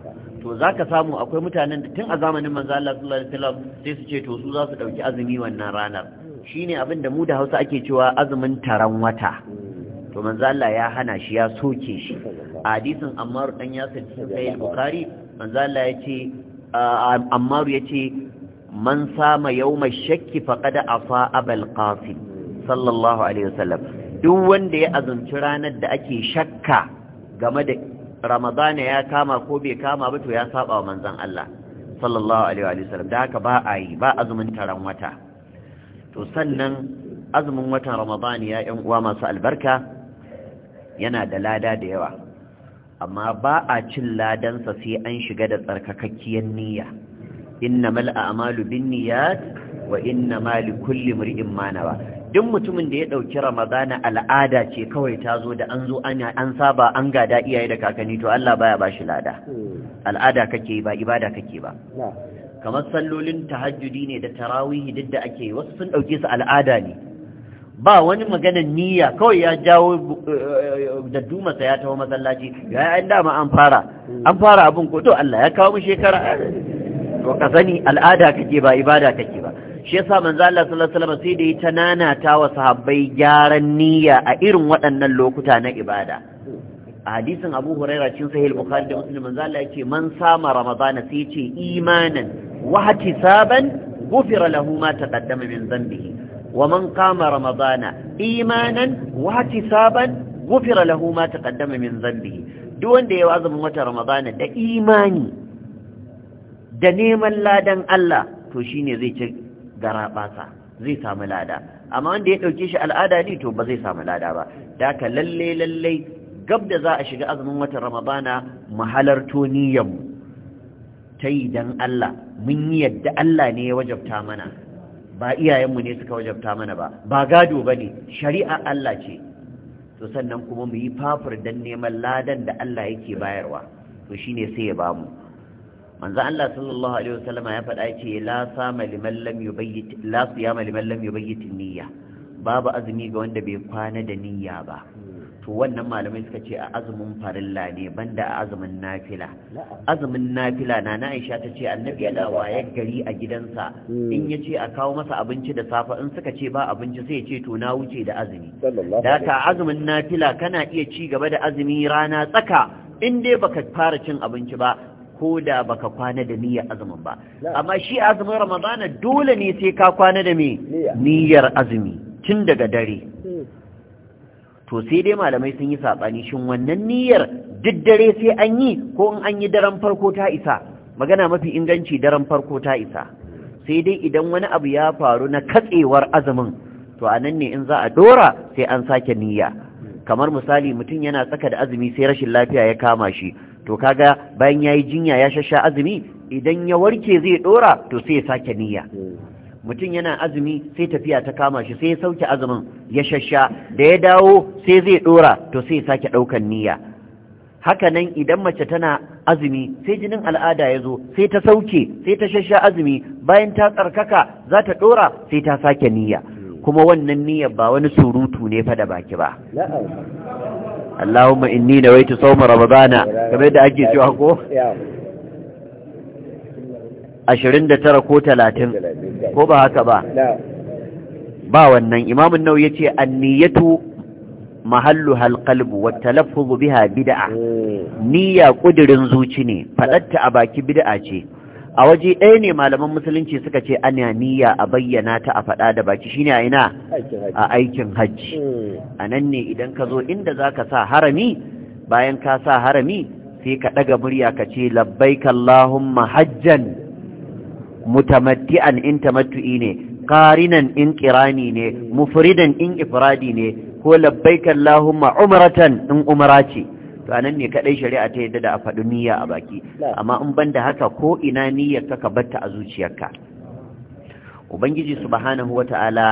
to zaka samu akwai mutanen da tun a zamanin manzo Allah sallallahu alaihi wasallam sai su ce to su za su dauki azumi wannan ranar shine abin da mu da Hausa ake cewa azumin taron wata to manzo Allah ya hana shi ya soke shi a hadisin Ammar dan Yasir sai Bukhari manzo Allah ya ce ammaru ya ce man sama yau mai shakki faƙada a abal ƙasim sallallahu alaihi wasallam duk wanda ya azumci ranar da ake shakka game da ramadana ya kama ko bai kama ba to ya saba wa manzan Allah sallallahu alaihi wasallam da haka ba a yi ba azumin taron wata to sannan azumin watan ramadana ya yan uwa masu albarka yana da lada da yawa amma ba a cin ladansa sai an shiga da tsarkakakkiyar niyya mal a'malu niyyat wa innamal kulli mar'in ma nawa duk mutumin da ya dauki ramadana al'ada ce kawai ta zo da an zo an an saba an gada iyaye da kakanni to Allah baya bashi lada al'ada kake ba ibada kake ba kamar sallolin tahajjudi ne da tarawihi duk da ake wasu sun dauke su al'ada ne ba wani maganan niyya kawai ya jawo eh, da dumasa ya taho masallaci ya yi dama an fara an fara abin ko to Allah ya kawo mu shekara to ka sani al'ada kake ba ibada kake ba shi yasa manzo Allah sallallahu alaihi wasallam sai da ya tanana ta wa sahabbai gyaran niyya a irin waɗannan lokuta na ibada a hadisin Abu Hurairah cikin Sahih Bukhari da Muslim manzo Allah yake man sama Ramadana sai yace imanan wa ihtisaban ghufira lahu ma taqaddama min dhanbihi ومن قام رمضان ايمانا واحتسابا غفر له ما تقدم من ذنبه دو wanda yau azumin wata ramadana da imani da neman ladan Allah to shine zai ci garabasa zai samu lada amma wanda ya ɗauke shi al'ada ne to ba zai samu lada ba da ka lalle lalle gab da za a shiga azumin wata ramadana mahalar toniyam tayi dan Allah mun yi yadda Allah ne ya wajabta mana ba iyayenmu ne suka wajabta mana ba ba gado ba ne shari'a Allah ce to sannan kuma mu yi fafur don neman ladan da Allah yake bayarwa to ne sai ya bamu manzan Allah sallallahu alaihi wasallama ya faɗa ce la sama liman lam niyya babu azumi ga wanda bai kwana da niyya ba to wannan malamai suka ce a azumin farilla ne banda a azumin nafila azumin nafila na na aisha ta ce annabi dawo ya gari a gidansa hmm. in ya ce a kawo masa abinci da safe in suka ce ba abinci sai ya ce to na wuce da azumi da ka azumin nafila kana iya ci gaba da azumi rana tsaka in dai baka fara cin abinci ba ko da baka kwana da niyyar azumin ba amma shi azumin ramadana dole ne sai ka kwana da me niyyar azumi tun daga dare hmm. to sai dai malamai sun yi saɓani shin wannan niyyar duk dare sai an yi ko in an yi daren farko ta isa magana mafi inganci daren farko ta isa sai dai idan wani abu ya faru na katsewar azumin to a nan ne in za a dora sai an sake niyya kamar misali mutum yana tsaka da azumi sai rashin lafiya ya kama shi to kaga bayan ya yi jinya ya shasha azumi idan ya warke zai dora to sai ya sake niyya mutum yana azumi sai tafiya ta kama shi sai ya sauke azumin ya shasha da ya dawo sai zai dora to sai ya sake daukan niyya haka nan idan mace tana azumi sai jinin al'ada ya zo sai ta sauke sai ta shasha azumi bayan ta tsarkaka za ta dora sai ta sake niyya kuma wannan niyyar ba wani surutu ne fa da baki ba Allahumma inni nawaitu sawma ramadana kamar da ake cewa ko ashirin da tara ko talatin ko ba haka ba ba wannan imamun nau ya ce anniyatu mahallu halqalbu wa talaffuzu biha bid'a hmm. niyya kudirin zuci ne fadatta a baki bid'a ce a waje ɗaya ne malaman musulunci suka ce ana niyya a bayyana ta a faɗa da baki shine a ina a aikin hajji hmm. a nan ne idan ka zo inda za ka sa harami bayan ka sa harami sai ka ɗaga murya ka ce labbaik Allahumma hajjan mutamaddi'an in tamattu'i ne qarinan in qirani ne mufridan in ifradi ne ko labbaika allahumma umratan in umra ce to anan ne kadai shari'a ta yadda da a fadu niyya a baki amma in banda haka ko ina niyyar ka ka batta a zuciyarka ubangiji subhanahu wata'ala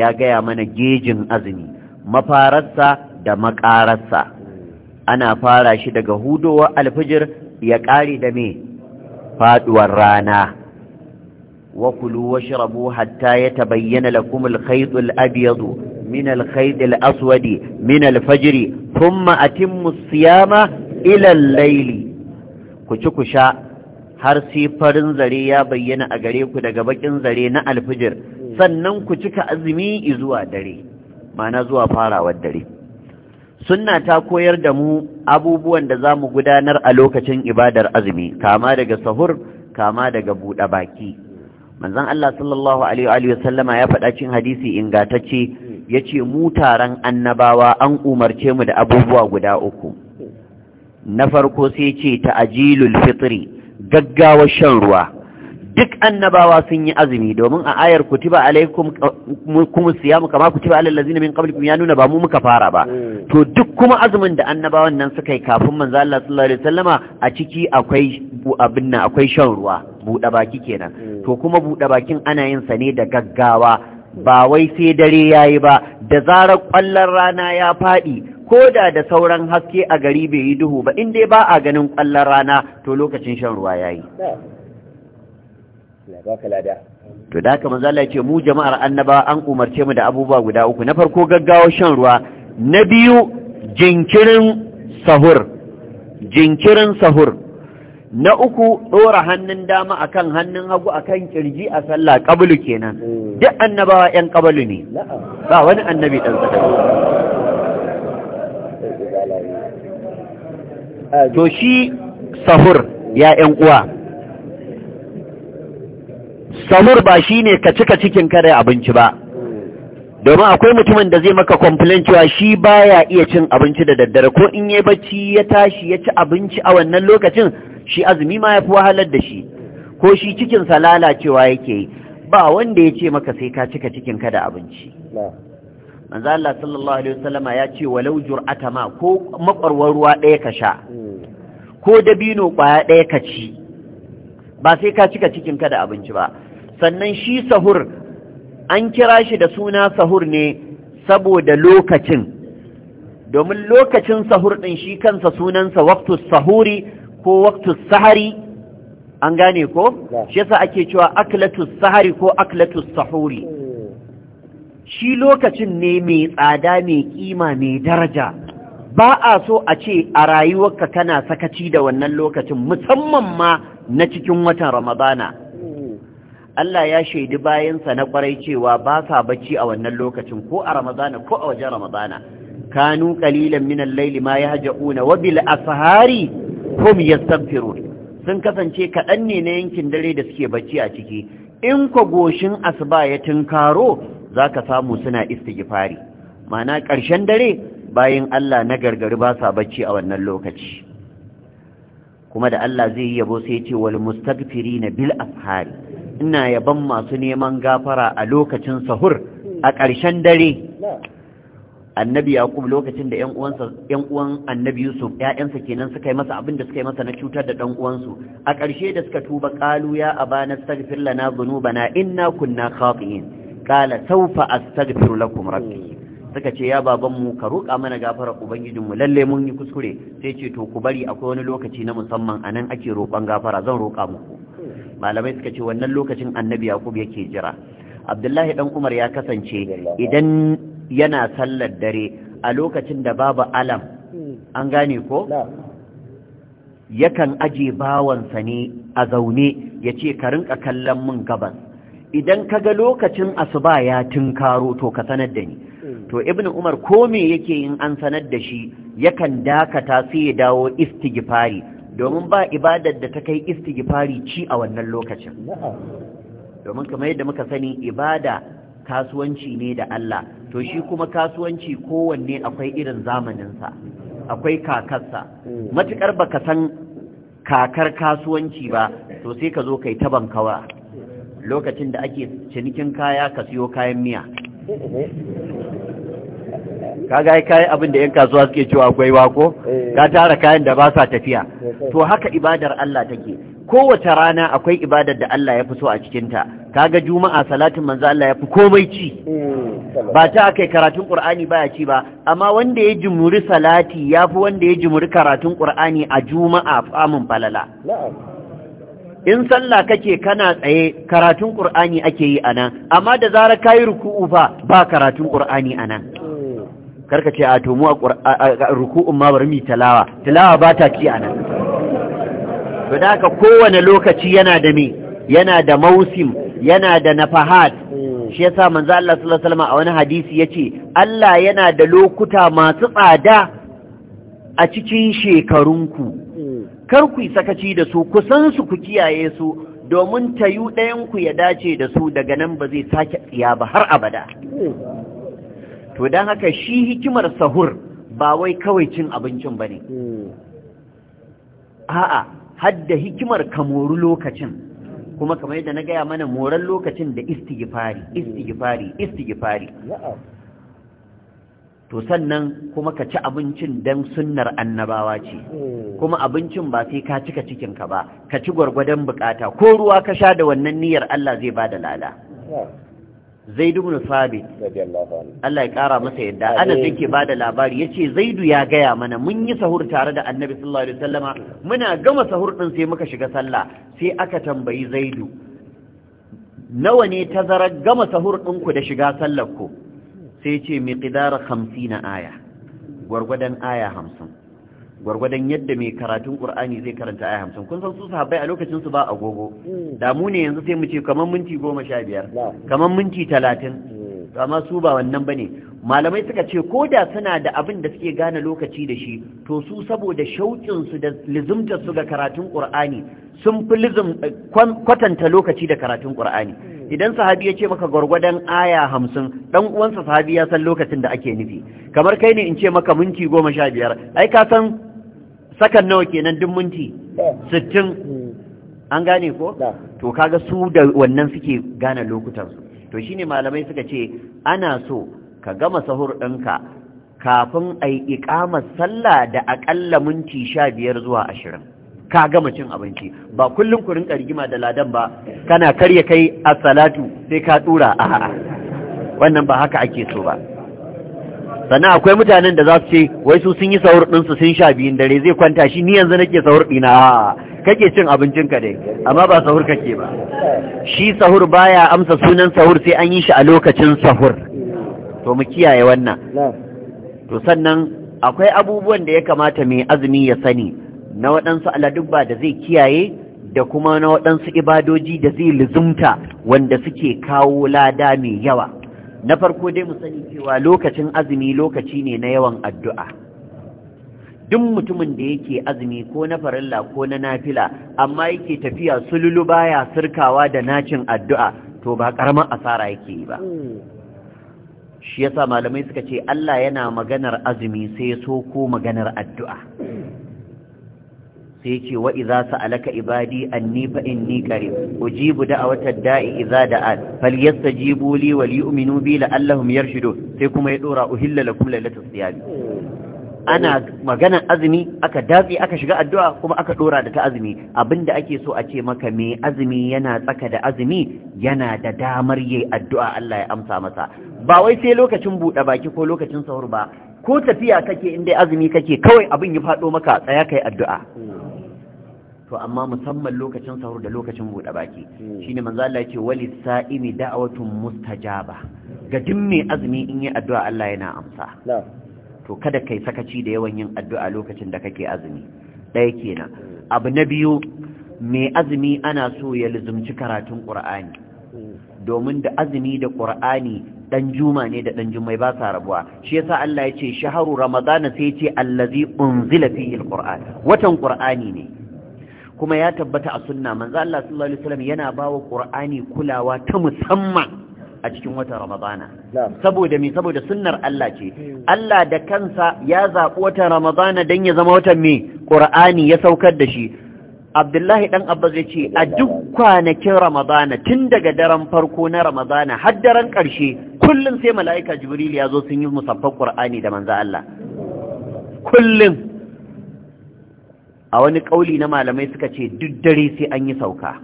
ya gaya mana gejin azumi mafararsa da makararsa ana fara shi daga hudowa alfijir ya ƙare da me faduwar rana وكلوا واشربوا حتى يتبين لكم الخيط الأبيض من الخيط الأسود من الفجر ثم أتموا الصيام إلى الليل كتكشا هرسي فرن زريا daga أغريك zare na الفجر sannan ku cika azumi zuwa zuwa farawar dare sunna ta koyar da mu abubuwan da za mu gudanar a lokacin ibadar azumi kama daga sahur kama daga buɗe baki manzon Allah sallallahu alaihi wa sallama ya faɗa cikin hadisi ingatacce yace mu taron annabawa an umarce mu da abubuwa guda uku na farko sai ce ajilul fitri gaggawa shan ruwa duk annabawa sun yi azumi domin a ayar kutiba alaikum kum siyamu kama kutiba alal ladzina min qablikum ya nuna ba mu muka fara ba hmm. to duk kuma azumin da annabawan nan suka yi kafin manzo Allah sallallahu alaihi wasallama a ciki akwai abin nan akwai shan ruwa buɗe baki kenan hmm. to kuma buɗe bakin ana yin sa ne da gaggawa ba wai sai dare yayi ba da zarar kwallon rana ya faɗi ko da sauran haske a gari bai yi duhu ba in dai ba a ganin kwallon rana to lokacin shan ruwa yayi to da haka manzo Allah yake mu jama'ar annabawa an umarce mu da abubuwa guda uku na farko gaggawa shan ruwa na biyu jinkirin sahur jinkirin sahur na uku ɗora hannun dama akan hannun hagu akan kirji a sallah kenan mm. duk annabawa 'yan ƙabulu ne ba wani annabi ɗan to shi sahur ya 'yan uwa Samur ba shi ne ka cika cikin kare abinci ba domin akwai mutumin da zai maka complain cewa shi baya iya cin abinci da daddare ko in yayi bacci ya tashi ya ci abinci a wannan lokacin shi azumi ma ya fi wahalar da shi ko shi cikin sa lalacewa yake yi ba wanda ya ce maka sai ka cika cikin ka da abinci manzo Allah sallallahu ya ce walau jur'ata ma ko makwarwar ruwa ɗaya ka sha hmm. ko dabino kwaya ɗaya ka ci ba sai ka cika cikin ka da abinci ba sannan shi sahur an kira shi da suna sahur ne saboda lokacin domin lokacin sahur ɗin shi kansa sunansa waktus sahuri ko waktus sahari an gane ko shi yasa ake cewa aklatus sahari ko aklatus sahuri shi lokacin ne mai tsada mai kima mai daraja ba a so a ce a rayuwarka kana sakaci da wannan lokacin musamman ma na cikin watan ramadana Allah ya shaidi bayansa na kwarai cewa ba sa bacci a wannan lokacin ko a ramazana ko a wajen ramazana kanu qalilan min al-layli ma yahja'una wa bil ashari hum yastaghfirun sun kasance kaɗan ne na yankin dare da suke bacci a ciki in ko goshin asuba ya tunkaro zaka samu suna istighfari ma'ana ƙarshen dare bayan Allah na gargari ba sa bacci a wannan lokaci kuma da Allah zai yi yabo sai ya ce wal mustaghfirina bil asahari. ina yaban masu neman gafara a lokacin sahur a ƙarshen dare annabi yaqub lokacin da ƴan uwansa uwan annabi yusuf ƴaƴansa kenan suka yi masa abin da suka yi masa na cutar da ɗan uwansu a ƙarshe da suka tuba ƙalu ya na astaghfir lana dhunubana inna kunna khati'in qala sawfa astaghfiru lakum rabbi suka ce ya baban mu ka roƙa mana gafara ubangijin mu lalle mun yi kuskure sai ce to ku bari akwai wani lokaci na musamman anan ake roƙon gafara zan roƙa muku malamai suka ce wannan lokacin annabi yaqub yake jira abdullahi dan umar ya kasance idan yana sallar dare a lokacin da babu alam an gane ko yakan aje bawansa ne a zaune ya ce ka rinka kallon mun gabas idan ka ga lokacin asuba ya tunkaro to ka sanar da ni hmm. to ibn umar ko me yake yin an sanar da shi yakan dakata sai ya dawo istighfari domin ba ibadar da ta kai istighfari ci a wannan lokacin domin kamar yadda muka sani ibada kasuwanci ne da Allah to shi kuma kasuwanci kowanne akwai irin zamaninsa akwai kakarsa mm. matukar baka san kakar kasuwanci ba to sai ka zo kai ta bankawa lokacin da ake cinikin kaya ka siyo kayan miya eh, eh. kaga ai kayan abin da yan kasuwa suke cewa gwaiwa ko eh. ka tara kayan da ba sa tafiya eh, to haka ibadar Allah take kowace rana akwai ibadar da Allah ya fi so a cikinta kaga juma'a salatin manzo Allah ya fi komai ci hmm, ba ta akai karatun qur'ani baya ci ba amma wanda ya jimuri salati ya fi wanda ya jimuri karatun qur'ani a juma'a famun falala in sallah kake kana tsaye karatun qur'ani ake yi anan amma da zarar kayi ruku'u ba, ba karatun qur'ani anan karka ce a to a ruku'un ma bari mu tilawa tilawa ba ta ci anan da haka kowane lokaci yana da me yana da mausim yana da nafahat shi yasa manzo Allah sallallahu alaihi wasallam a wani hadisi yace Allah yana da lokuta masu tsada a cikin shekarunku kar ku sakaci da su kusan su ku kiyaye su domin tayu ɗayan ku ya dace da su daga nan ba zai sake tsiya ba har abada to don haka shi hikimar sahur ba wai kawai cin abincin ba ne a'a hadda hikimar ka mori lokacin kuma kamar yadda na gaya mana moran lokacin da istighfari istighfari istighfari to sannan kuma ka ci abincin dan sunnar annabawa ce hmm. kuma abincin ba sai ka cika cikinka ba ka ci gwargwadon bukata ko ruwa ka sha da wannan niyyar Allah zai ba da lala zaidu bin sabit Allah ya kara masa yadda ana yake bada labari yace zaidu ya gaya mana mun yi sahur tare da annabi sallallahu alaihi wasallama muna gama sahur din sai muka shiga sallah sai aka tambayi zaidu nawa ne tazarar gama sahur din ku da shiga sallar ku sai ce miqdar 50 aya gwargwadon aya gwargwadon yadda mai karatun ƙur'ani zai karanta aya hamsin kun san su sahabbai a lokacin su ba agogo hmm. da mu ne yanzu sai mu ce kamar minti goma sha biyar kamar minti talatin hmm. amma su ba wannan ba ne. malamai suka ce ko da suna da abin da suke gane lokaci da shi to su saboda shauƙinsu da lizumtar su ga karatun ƙur'ani sun fi lizum eh, kwatanta lokaci da karatun ƙur'ani hmm. idan sahabi ya ce maka gwargwadon aya hamsin dan uwansa sahabi ya san lokacin da ake nufi kamar kai ne in ce maka minti goma sha biyar ai ka san sakan nawa kenan duk minti eh. sittin hmm. an gane ko to kaga su da wannan suke gane lokutan su to shine malamai suka ce ana so ka gama sahur ɗinka kafin a yi sallah da aƙalla minti sha biyar zuwa ashirin ka gama cin abinci ba kullum ku rinka rigima da ladan ba kana karya kai a salatu sai ka ɗura A'a, wannan ba haka ake so ba sannan akwai mutanen da za su ce wai su sun yi sahur ɗinsu sun sha biyun dare zai kwanta shi ni yanzu nake sahur ɗina a kake cin abincin ka dai amma ba sahur kake ba shi sahur baya amsa sunan sahur sai an yi shi a lokacin sahur to mu kiyaye wannan to sannan akwai abubuwan da ya kamata mai azumi ya sani na waɗansu aladubba da zai kiyaye da kuma na waɗansu ibadoji da zai lizumta wanda suke kawo lada mai yawa na farko dai mu sani cewa lokacin azumi lokaci ne na yawan addu'a duk mutumin da yake azumi ko na farilla ko na nafila amma yake tafiya sululu baya sirkawa da nacin addu'a to ba ƙaramin asara yake yi ba shi yasa malamai suka ce Allah yana maganar azumi sai ya so ko maganar addu'a sai ce wa sa alaka ibadi anni fa inni qarib ujibu da'watad da'i idza da'an falyastajibu li wa liyu'minu bi la'allahum yarshudun sai kuma ya dora uhilla lakum lailatul siyam ana magana azumi aka datsi aka shiga addu'a kuma aka dora da ta azumi abinda ake so a ce maka me azumi yana tsaka da azumi yana da damar yayi addu'a Allah ya amsa masa ba wai sai lokacin buɗe baki ko lokacin sahur ba ko tafiya kake in azumi kake kawai abin ya fado maka tsaya kai addu'a to amma musamman lokacin sahur da lokacin buɗe baki hmm. shine manzo Allah yake wali sa'imi da'watun mustajaba ga duk mai azumi in yi addu'a Allah yana amsa to kada kai sakaci da yawan yin addu'a lokacin da kake azumi ɗaya kenan abu na biyu mai azumi ana so ya luzumci karatun qur'ani hmm. domin da azumi da ƙur'ani ɗan juma ne da ɗan jummai ba sa rabuwa shi yasa Allah ya ce shaharu ramadana sai ya ce allazi unzila fihi alqur'an watan ƙur'ani ne kuma ya tabbata a sunna manzo Allah sallallahu alaihi wasallam yana bawa Qur'ani kulawa ta musamman a cikin watan Ramadana saboda me saboda sunnar Allah ce Allah da kansa ya zaɓi watan Ramadana dan ya zama watan me Qur'ani ya saukar da shi Abdullahi dan Abbas ya ce a duk kwanakin Ramadana tun daga daren farko na Ramadana har daren ƙarshe kullum sai mala'ika Jibril ya zo sun yi musaffar Qur'ani da manzo Allah kullum a wani ƙauli na malamai suka ce duk dare sai an yi sauka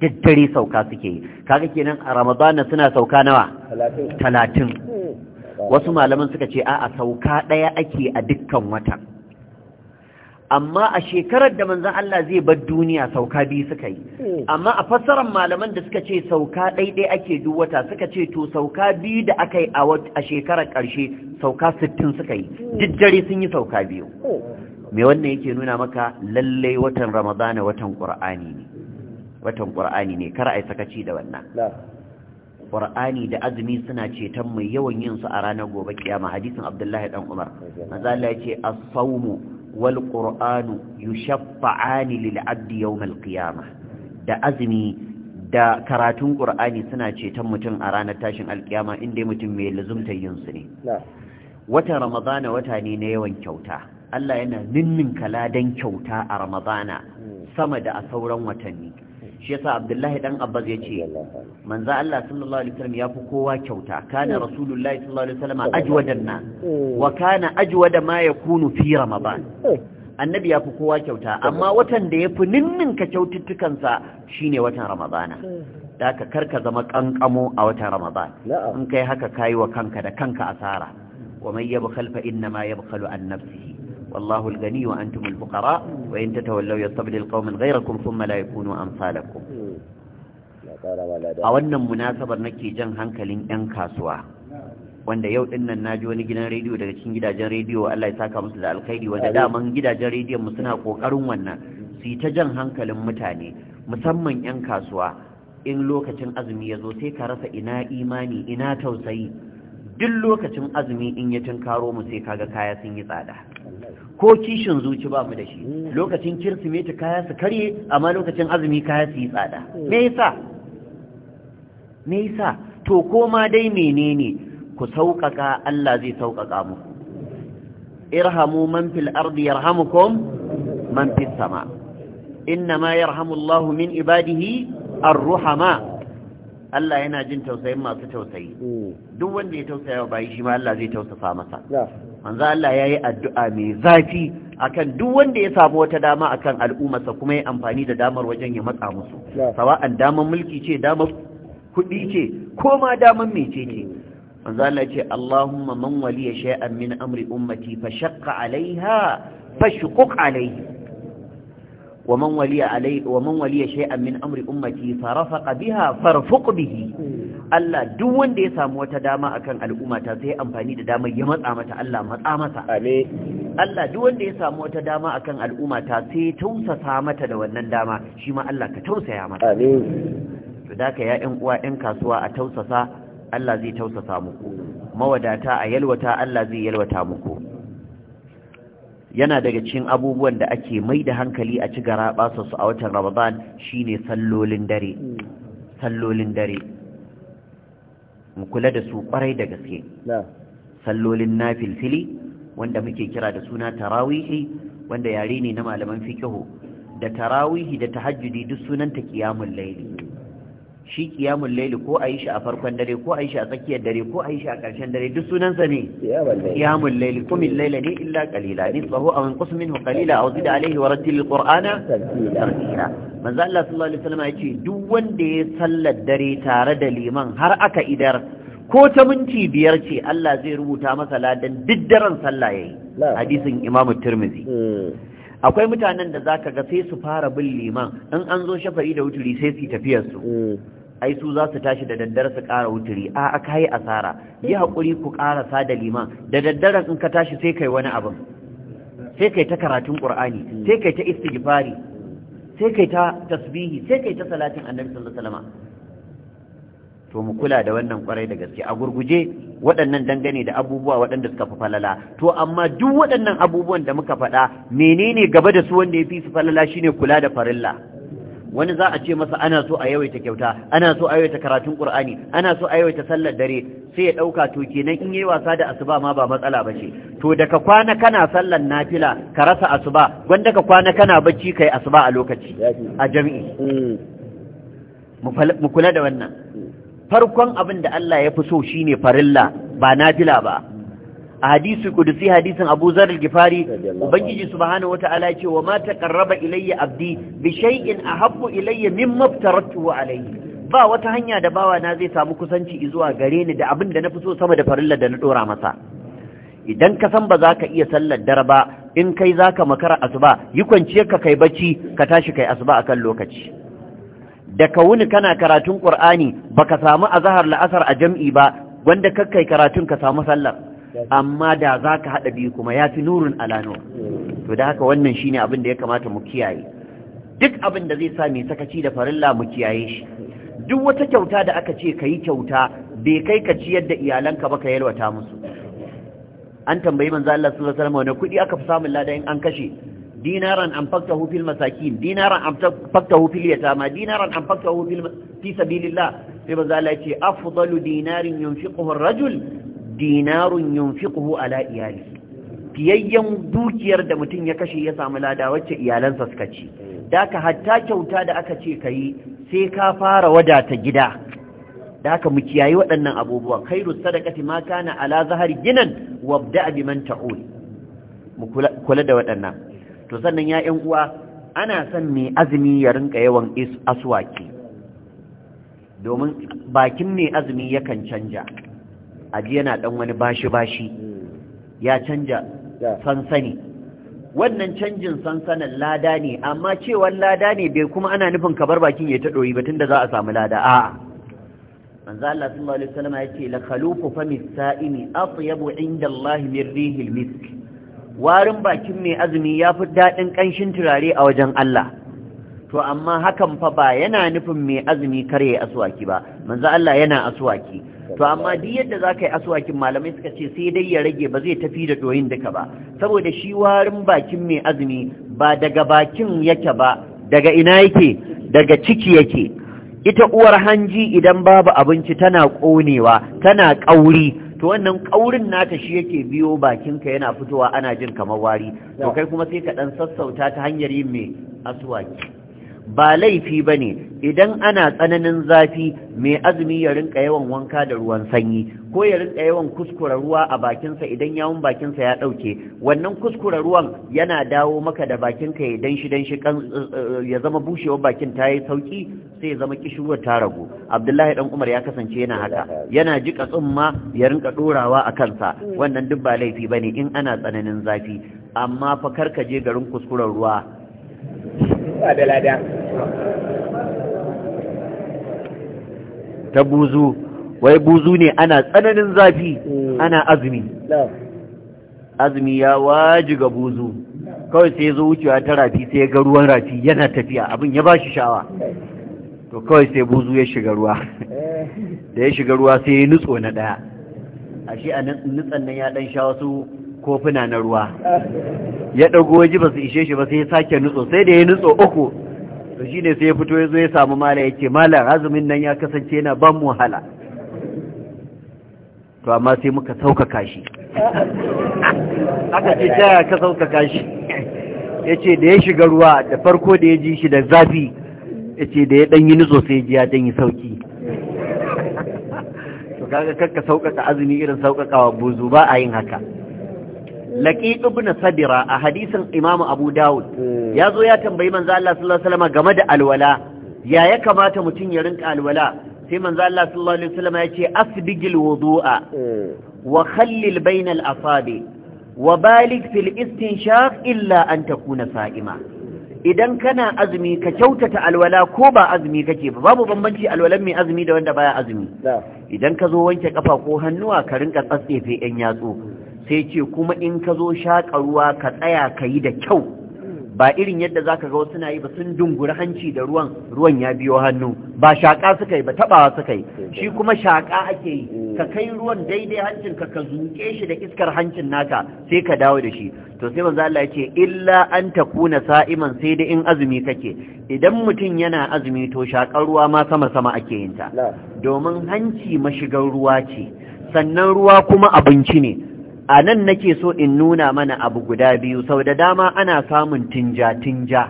duk dare sauka suke yi kaga kenan a ramadana suna sauka nawa talatin hmm. wasu malaman suka ce a'a sauka ɗaya ake a dukkan wata amma a shekarar da manzan Allah zai bar duniya sauka biyu suka yi hmm. amma a fassarar malaman da suka ce sauka ɗaiɗai ake duk wata suka ce to sauka biyu da aka yi a shekarar ƙarshe sauka sittin suka yi hmm. diddare sun yi sauka biyu me wannan yake nuna maka lalle watan ramadana watan qur'ani ne watan qur'ani ne kar ai sakaci da wannan qur'ani da azumi suna ceton mai yawan yin su a ranar gobe kiyama hadisin abdullahi dan umar manzo Allah yace as-sawmu wal qur'anu yushaffa'ani lil 'abdi yawm al-qiyamah da azumi da karatun ƙur'ani suna ceton mutum a ranar tashin alkiyama inda mutum mai yin yinsu ne watan ramadana wata ne na yawan kyauta Allah yana ninnin kaladan kyauta a Ramadana sama da a sauran watanni shi yasa Abdullahi dan Abbas yace manza Allah sallallahu alaihi wasallam kowa kyauta kana Rasulullahi sallallahu alaihi wasallam ajwadan nas wa kana ajwada ma yakunu fi Ramadan annabi yafi kowa kyauta amma watan da yafi ninnin ka kyaututtukansa shine watan Ramadana da ka karka zama kankamo a watan Ramadan in kai haka kayi wa kanka da kanka asara wa man yabkhal fa inna ma yabkhalu an nafsihi والله الغني وأنتم الفقراء وإن تتولوا يستبدل قوما غيركم ثم لا يكونوا أمثالكم a wannan munasabar nake jan hankalin 'yan kasuwa wanda yau din nan naji wani gidan rediyo daga cikin gidajen rediyo Allah ya saka musu da alkhairi wanda daman gidajen rediyon mu suna kokarin wannan su yi ta jan hankalin mutane musamman 'yan kasuwa in lokacin azumi ya zo sai ka rasa ina imani ina tausayi duk lokacin azumi in ya tunkaro mu sai kaga kaya sun yi tsada ko kishin zuci ba mu da shi lokacin kirsimeti kaya su karye amma lokacin azumi kaya su yi tsada me yasa me yasa to koma dai menene ku sauƙaƙa Allah zai sauƙaƙa muku irhamu man fil ardi yarhamukum man fis sama inna ma yarhamu Allahu min ibadihi ar-ruhama Allah yana jin tausayin masu tausayi hmm. duk wanda ya tausaya wa bayi shi ma Allah zai tausasa masa manzo Allah ya yi addu'a mai zafi akan duk wanda ya samu wata dama akan al'ummarsa kuma ya amfani da damar wajen ya matsa musu sawa'an damar mulki ce damar kuɗi ce ko ma damar mece ce hmm. manzo Allah ce Allahumma man waliya shay'an min amri ummati fa shaqqa alaiha fashquq alaihi ومن ولي علي ومن ولي شيئا من امر امتي فرفق بها فرفق به Allah duk wanda ya samu wata dama akan al'umma ta sai amfani da damar ya matsa mata Allah matsa masa amin Allah duk wanda ya samu wata dama akan al'umma ta sai tausasa mata da wannan dama shi ma Allah ka tausaya mata amin to da ya ƴan uwa ƴan kasuwa a tausasa Allah zai tausasa muku mawadata a yalwata Allah zai yalwata muku yana daga cikin abubuwan da ake mai da hankali a ci gara su a watan ramadan shine sallolin dare sallolin dare mu kula da su kwarai da gaske sallolin na filfili wanda muke kira da suna tarawihi wanda yare ne na malaman fiqh da tarawihi da tahajjudi duk sunanta qiyamul layli shi kiyamun laili ko a yi shi a farkon dare ko a yi shi a tsakiyar dare ko a yi shi a ƙarshen dare duk sunansa ne kiyamun laili min laila ne illa Kalila. ni tsaho a wani kusumin hu Kalila, a da alaihi wa rattil qur'ana tartila manzo Allah sallallahu alaihi wasallam ya ce duk wanda ya sallar dare tare da liman har aka idar ko ta minti biyar ce Allah zai rubuta masa ladan duk daren sallah yayi hadisin Imam Tirmidhi hmm. akwai mutanen da zaka ga sai su fara bin liman in an zo shafa'i da wuturi sai su tafiyar su ai su za su tashi da daddare su ƙara wuturi a aka yi asara yi haƙuri ku ƙarasa da liman da daddare in ka tashi sai kai wani abu. sai kai ta karatun ƙur'ani sai kai ta istighfari sai kai ta tasbihi sai kai ta salatin annabi sallallahu alaihi wasallam to mu kula da wannan kwarai da gaske a gurguje waɗannan dangane da abubuwa waɗanda suka fi falala to amma duk waɗannan abubuwan da muka faɗa menene gaba da su wanda ya fi su falala shine kula da farilla wani za a ce masa ana so a yawaita kyauta ana so a yawaita karatun qur'ani ana so a yawaita sallar dare sai ya ɗauka to kenan in yayi wasa da asuba ma ba matsala ba ce to daga kwana kana sallar nafila ka rasa asuba wanda ka kwana kana bacci kai asuba a lokaci a jami'i mm. mu kula da wannan farkon abin da Allah ya fi so shine farilla ba nafila ba a hadisi kudusi hadisin Abu zarar gifari ubangiji bahana wata ala ce wa mata karraba ilayya abdi bi shay'in habbu ilayya min mimma wa alayhi ba wata hanya da bawa na zai samu kusanci zuwa gare ni da abin da na fi so sama da farilla da na dora masa idan ka san ba za ka iya sallar dare ba in kai za ka makara asuba yi kwanciyar ka kai bacci ka tashi kai asuba akan lokaci da ka wuni kana karatun ƙur'ani ka samu azahar la'asar a jam'i ba wanda kakkai karatun ka samu sallar amma da za ka haɗa biyu kuma ya fi nurin alano to da haka wannan shine abin da ya kamata mu kiyaye duk abin da zai sa mai sakaci da farilla mu kiyaye shi duk wata kyauta da aka ce ka yi kyauta bai kai ka ciyar da iyalanka ba ka yalwata musu an tambayi manzo Allah sallallahu alaihi wasallam wani kuɗi aka fi samun lada in an kashe dinaran an fakkahu fil masakin dinaran an fakkahu fil dinaran an fakkahu fil fi sabilillah sai manzo dinarin yunfiquhu ar-rajul dinarun yunfiquhu ala iyali fiyayyen dukiyar da mutum ya kashe ya samu lada wacce iyalansa suka ci daka hatta kyauta da aka ce kai sai ka fara wadata gida daka mu kiyayi waɗannan abubuwan. khairu sadaqati ma kana ala zahari ginan wabda biman ta'ul mu kula da waɗannan to sannan ya ‘yan uwa ana son mai azumi ya rinka yawan aswaki domin bakin mai azumi yakan canja aji yana ɗan wani bashi-bashi ya canja sansani wannan canjin sansanin lada ne amma cewar lada ne bai kuma ana nufin kabar bakin ya ta ɗoyi batun da za a samu lada a'a Manza Allah sallallahu alaihi ya yace la khalufu fami sa'imi atyabu inda Allah min rihil misk warin bakin mai azumi ya fi daɗin ƙanshin turare a wajen Allah to amma hakan fa ba yana nufin mai azumi kare aswaki ba manzo Allah yana aswaki to amma duk yadda za ka yi aswakin malamai suka ce sai dai ya rage ba zai tafi da ɗoyin duka ba saboda shi warin bakin mai azumi ba daga bakin yake ba daga ina yake daga ciki yake ita uwar hanji idan babu abinci tana ƙonewa tana ƙauri to wannan ƙaurin nata shi yake biyo bakinka yana fitowa ana jin kamar wari to kai kuma sai ka ɗan sassauta ta hanyar yin mai asuwaki ba laifi ba ne idan ana tsananin zafi mai azumi ya rinka yawan wanka da ruwan sanyi ko ya rinka yawan kuskura ruwa a bakinsa idan yawon bakinsa ya ɗauke wannan kuskura ruwan yana dawo maka da bakinka ya danshi danshi eh, eh, ya zama bushewar bakin ta yi sauki sai ya zama kishiwar ta ragu abdullahi ɗan umar ya kasance yana haka yana jika tsumma ya rinka ɗorawa a kansa wannan duk ba laifi ba ne in ana tsananin zafi amma fa kar ka je garin kuskuren ruwa ba da lada ta buzu wai buzu ne ana tsananin zafi mm. ana azumi azumi ya waji ga buzu kawai sai zo wucewa ta rafi sai ga ruwan rafi yana tafiya abin ya ba shi shawa to kawai sai buzu ya shiga ruwa eh. da ya shiga ruwa sai ya nutso na daya ashe a nutsan nan ya dan sha wasu kofuna na ruwa ya ɗago waje ba su ishe shi ba sai ya sake nutso sai da ya nutso uku to shine sai ya fito ya zo ya samu mala ya ce mala azumin nan ya kasance yana ban mu to amma sai muka saukaka shi aka ce ta ka saukaka shi ya ce da ya shiga ruwa da farko da ya ji shi da zafi ya ce da ya ɗan yi nutso sai ji ya yi sauki to kaga kakka saukaka azumi irin saukakawa buzu ba a yin haka laqi ibn sadira a hadisin imam abu dawud hmm. ya zo ya tambayi manzo Allah sallallahu alaihi game da alwala ya ya kamata mutum ya rinka alwala sai manzo Allah sallallahu alaihi wasallam ya ce asbigil wudu'a hmm. wa khallil bainal asabi wa balig fil istinshaq illa an takuna sa'ima idan kana azumi ka kyautata alwala ko ba azumi kake ba babu bambanci alwalan mai azumi da wanda baya azumi idan ka zo wanke kafa ko hannuwa ka rinka tsatsefe yan yatsu sai ce kuma in ka zo shaƙa ruwa ka tsaya ka yi da kyau ba irin yadda za ka ga wasu na yi ba sun dunguri hanci da ruwan ruwan ya biyo hannu ba shaƙa suka yi ba taɓawa suka yi shi kuma shaƙa ake yi ka kai ruwan daidai hancin ka ka zuƙe shi da iskar hancin naka sai ka dawo da shi to sai manzo Allah ya ce illa an takuna sa'iman sai da in azumi kake idan mutum yana azumi to shaƙar ruwa ma sama sama ake yin ta domin hanci mashigar ruwa ce sannan ruwa kuma abinci ne a nan nake so in nuna mana abu guda biyu sau da dama ana samun tinja-tinja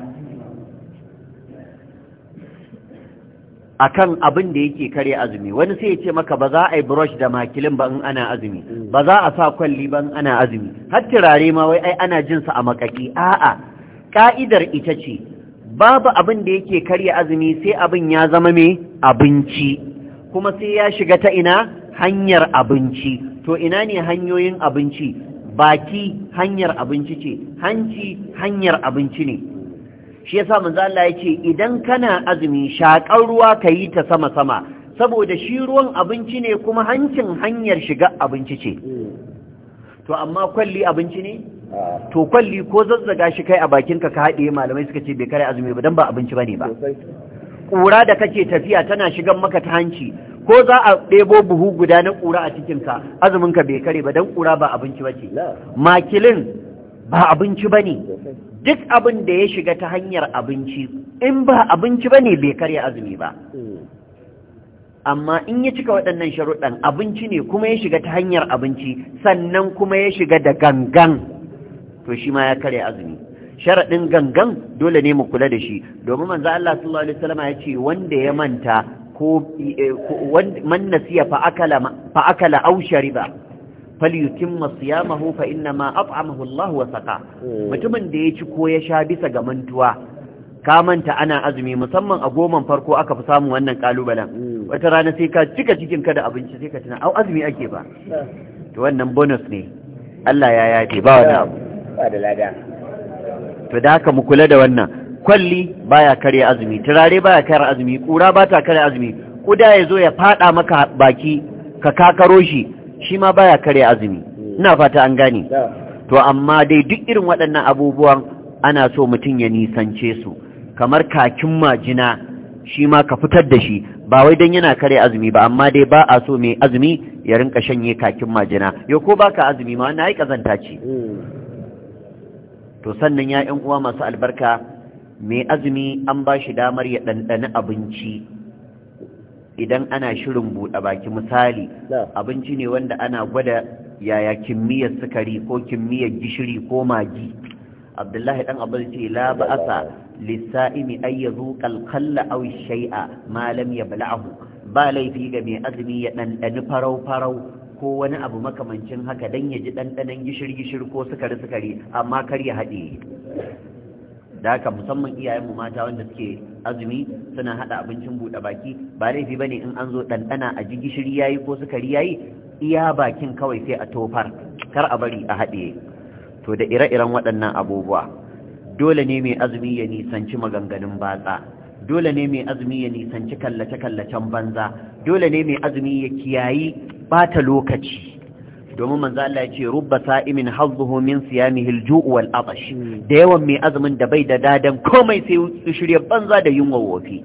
a abin da yake kare azumi wani sai ya ce maka ba za a yi brush da makilin ba in ana azumi ba za a sa kwalli ba in ana azumi har turare ma wai ai ana jinsa a makaki a'a ka'idar ita ce babu abin da yake kare azumi sai abin ya zama mai abinci kuma sai ya shiga ta ina hanyar abinci to ina ne hanyoyin abinci baki hanyar abinci ce hanci hanyar abinci ne shi yasa manzo Allah yace idan kana azumi shakar ruwa kayi ta sama sama saboda shi ruwan abinci ne kuma hancin hanyar shiga abinci ce to amma kwalli abinci ne to kwalli ko zazzaga shi kai a bakinka ka haɗe malamai suka ce bai kare azumi ba dan ba abinci bane ba ƙura da kake tafiya tana shigan maka ta hanci ko za a ɗebo buhu guda na ƙura a cikinka azuminka bai kare ba don ƙura ba abinci ba ce makilin ba abinci ba ne duk abin da ya shiga ta hanyar abinci in ba abinci ba ne bai karya azumi ba hmm. amma in ya cika waɗannan sharuɗan abinci ne kuma ya shiga ta hanyar abinci sannan kuma ya shiga da gangan to shi ma ya karya azumi sharaɗin gangan dole ne mu kula da shi domin manzo Allah sallallahu alaihi wasallama ya ce wanda ya manta ko eh, man nasiya fa akala aw shariba falyutimma siyamahu fa inna ma at'amahu Allah wa saqa hmm. mutumin da ya ci ko ya sha bisa ga mantuwa ka manta ana azumi musamman a goman farko aka fi samun wannan kalubalen hmm. wata rana sai ka cika cikin ka da abinci sai ka tuna au azumi ake ba hmm. to wannan bonus ne Allah ya yafe ba wani abu ba da lada to da haka mu kula da wannan kwalli baya karya azumi turare baya karya azumi kura ba ta karya azumi kuda ya zo ya fada maka baki ka kakaro shi shi ma baya karya azumi ina fata an gane to amma dai duk irin waɗannan abubuwan ana so mutum ya nisance su kamar kakin majina shi ma ka fitar da shi ba wai dan yana karya azumi ba amma dai ba a so mai azumi ya rinka shanye kakin majina yau ko baka azumi ma wannan ai kazanta ce hmm. to sannan ya uwa masu albarka mai azumi an ba shi damar ya ɗanɗani abinci idan ana shirin buɗe baki misali abinci ne wanda ana gwada yaya kimiyyar sukari ko kimiyyar gishiri ko magi abdullahi dan abin ce la ba'asa lissa'imi ay yazuqa al a aw shay'a malam ya bala'ahu ba laifi ga mai azumi ya ɗanɗani farau farau ko wani abu makamancin haka dan ya ji ɗanɗanon gishir gishir ko sukari sukari amma kar ya haɗe da haka musamman iyayenmu mata wanda suke azumi suna hada abincin buɗe baki ba laifi bane in an zo ɗanɗana a ji gishiri yayi ko sukari yayi iya bakin kawai sai a tofar kar a bari a haɗiye to da ire-iren waɗannan abubuwa dole ne mai azumi ya nisanci maganganun batsa dole ne mai azumi ya nisanci kallace-kallacen banza dole ne mai azumi ya kiyayi bata lokaci domin manzo Allah ya ce rubba sa'imin hazzuhu min siyamihi al-ju' wal atash da yawan mai azumin da bai da dadan komai sai shirye banza da yunwa wofi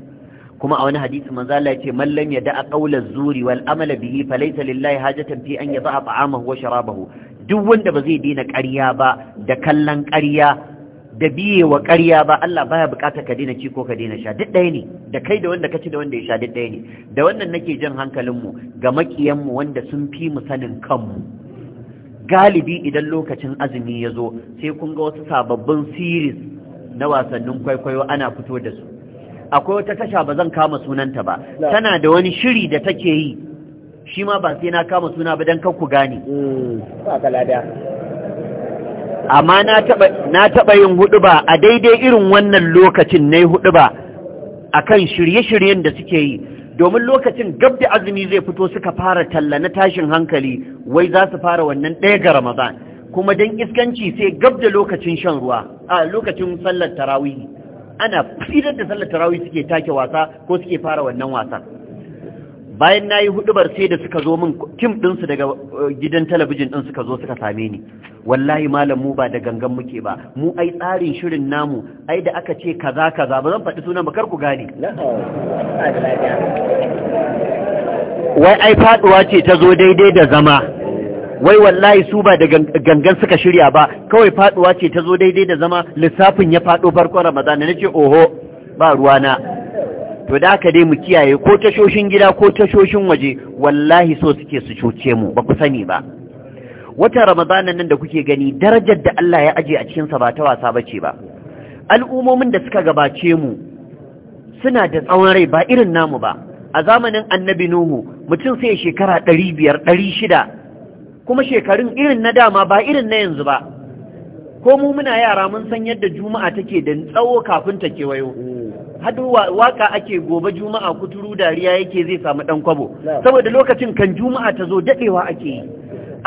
kuma a wani hadisi manzo Allah ya ce man lam yada'a qawla zuri wal amala bihi falaysa lillahi hajatan fi an yada'a ta'amahu wa sharabahu duk wanda ba zai dina ƙarya ba da kallon ƙarya da biye wa ƙarya ba Allah baya buƙatar ka dina ci ko ka dina sha duk ɗaya ne da kai da wanda ka ci da wanda ya sha duk ɗaya ne da wannan nake jan hankalinmu ga makiyanmu wanda sun fi mu sanin kanmu galibi idan lokacin azumi ya zo sai kun ga wasu sababbin series na wasannin kwaikwayo ana fito da su akwai wata tasha ba zan kama sunanta ba tana da wani shiri da take yi shi ma ba sai na kama suna ba don ku gane hmm, amma na taɓa yin hudu ba a daidai irin wannan lokacin na yi hudu ba a kan shirye-shiryen da suke yi domin lokacin gab da azumi zai fito suka fara talla na tashin hankali wai za su fara wannan ɗaya ga ramadan kuma don iskanci sai gab da lokacin shan ruwa a lokacin sallar tarawih ana fidar da sallar tarawih suke take wasa ko suke fara wannan wasan bayan na yi hudubar sai da suka zo min tim ɗinsu daga uh, gidan talabijin ɗin suka zo suka same ni wallahi malam mu ba da gangan muke ba mu ai tsarin shirin namu ai da aka ce kaza kaza ba zan faɗi sunan ba kar ku gane wai ai faduwa ce ta zo daidai da zama wai wallahi su ba da gangan suka shirya ba kawai faduwa ce ta zo daidai da zama lissafin ya fado farkon ramadana nace oho ba ruwana to da aka dai mu kiyaye ko tashoshin gida ko tashoshin waje wallahi so suke su cuce mu ba ku sani ba wata ramadanan nan da kuke gani darajar da Allah ya aje a cikin sa ba ta wasa bace ba al'umomin da suka gabace mu suna da tsawon rai ba irin namu ba a zamanin annabi nuhu mutum sai shekara ɗari biyar ɗari shida kuma shekarun irin na dama ba irin na yanzu ba ko mu muna yara mun san yadda juma'a take da tsawo kafin ta kewayo hadu waka ake gobe juma'a kuturu dariya yake zai samu dan kwabo saboda lokacin kan juma'a ta zo dadewa ake yi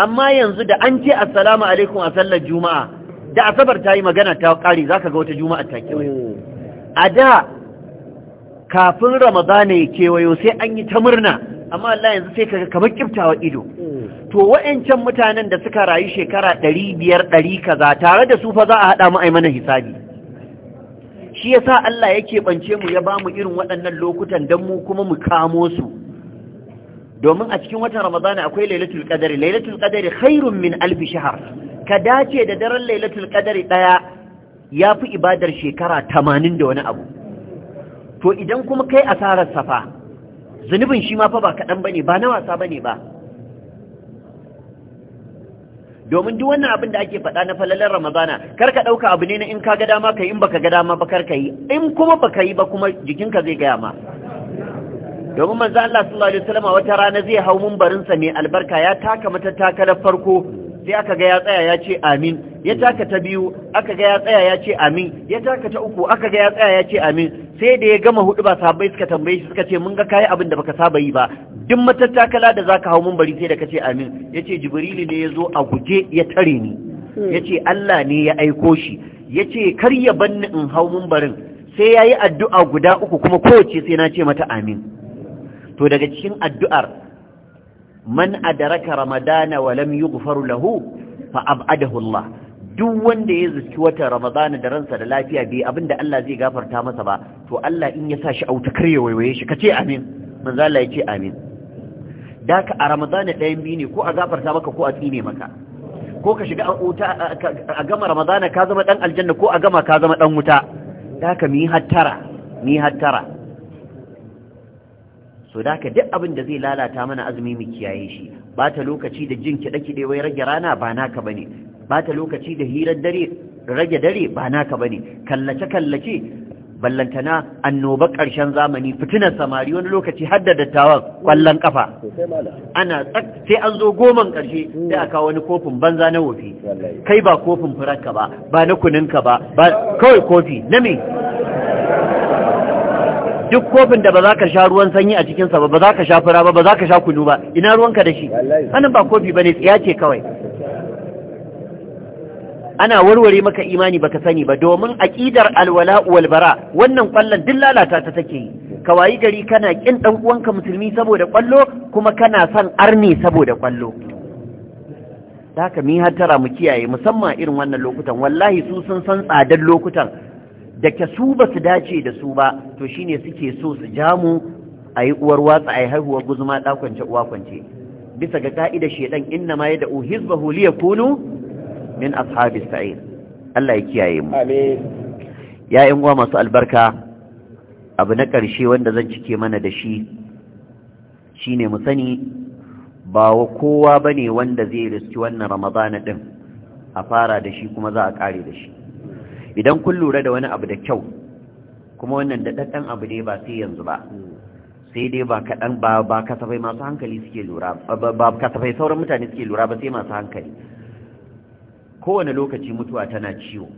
amma yanzu da an ce assalamu alaikum a sallar juma'a da asabar ta yi magana ta kare zaka ga wata juma'a ta kewayo mm. a da kafin ramadana ya kewayo sai an yi ta murna amma Allah yanzu sai kaga kamar kiftawa ido to wa'ancan mutanen da suka rayu shekara ɗari biyar ɗari kaza tare da su fa za a haɗa mu mana hisabi shi ya sa Allah yake bance mu ya ba mu irin waɗannan lokutan don mu kuma mu kamo su domin a cikin watan Ramadana akwai Lailatul Qadari Lailatul Qadari khairun min alf shahr ka dace da daren Lailatul Qadari ya fi ibadar shekara tamanin da wani abu to idan kuma kai asarar safa zunubin shi ma fa ba kaɗan ba ne, ba na wasa bane ba domin duk wannan abin da ake faɗa na falalar ramadana kar ka ɗauka abu ne na in ka ga dama ka yi in baka ga dama ba kar ka yi in kuma baka yi ba kuma jikinka zai gaya ma domin manzo Allah sallallahu alaihi wasallam wata rana zai hau mumbarinsa mai albarka ya taka mata takalar farko sai aka ga ya tsaya ya ce amin ya taka ta biyu aka ga ya tsaya ya ce amin ya taka ta uku aka ga ya tsaya ya ce amin sai da ya gama hudu ba sahabbai suka tambaye shi suka ce mun ga kayi abin da baka saba yi ba duk matattakala da zaka hau mun bari sai da kace amin yace jibrilu ne ya zo a guje ya tare ni yace Allah ne ya aiko shi yace kar ya banni in hau mun barin sai yayi addu'a guda uku kuma kowace sai na ce mata amin to daga cikin addu'ar man adaraka ramadana wa lam yughfaru lahu fa ab'adahu Allah duk wanda ya zuci wata ramadana da ransa da lafiya bai abinda Allah zai gafarta masa ba to Allah in ya sa shi auta karye waiwaye shi kace amin manzo Allah ya ce amin da ka a ramadana ɗayan biyu ne ko a gafarta maka ko a tsine maka ko ka shiga wuta a gama ramadana ka zama dan aljanna ko a gama ka zama dan wuta da ka mi hattara mi hattara so da ka duk abin da zai lalata mana azumi mu kiyaye shi ba ta lokaci da jin kiɗe kiɗe wai rage rana ba naka bane ba ta lokaci da hirar dare rage dare ba naka ne. kallace kallace ballantana annoba ƙarshen zamani fitinar samari wani lokaci har da dattawan kwallon kafa ana sai an zo goman ƙarshe sai aka wani kofin banza na wofi kai ba kofin furanka ba ba na kuninka ba kawai kofi na me duk kofin da ba za ka sha ruwan sanyi a cikinsa ba ba za ka sha fura ba ba za ka sha kunu ba ina ruwanka da shi hannun ba kofi ba ne tsiya ce kawai ana warware maka imani baka sani ba domin aqidar alwala wal wannan kwallon duk lalata ta take yi ka wayi gari kana kin ɗan uwanka musulmi saboda kwallo kuma kana son arne saboda kwallo haka mi hattara mu kiyaye musamman irin wannan lokutan wallahi su sun san tsadar lokutan da ke su ba su dace da su ba to shine suke so su jamu a yi uwar watsa a yi haihuwar guzuma ɗakwance uwa kwance bisa ga ka'idar shedan inna ma yad'u hizbahu Kunu. min ashabi sa'ir Allah ya kiyaye mu amin ya yan uwa masu albarka abu na ƙarshe wanda zan cike mana da shi shine mu sani ba wa kowa bane wanda zai riski wannan ramadana din a fara da shi kuma za a kare da shi idan kun lura da wani abu da kyau kuma wannan daɗaɗɗen abu ne ba sai yanzu ba sai dai ba kaɗan ba kasafai masu hankali suke lura ba kasafai sauran mutane suke lura ba sai masu hankali kowane lokaci mutuwa tana ciwo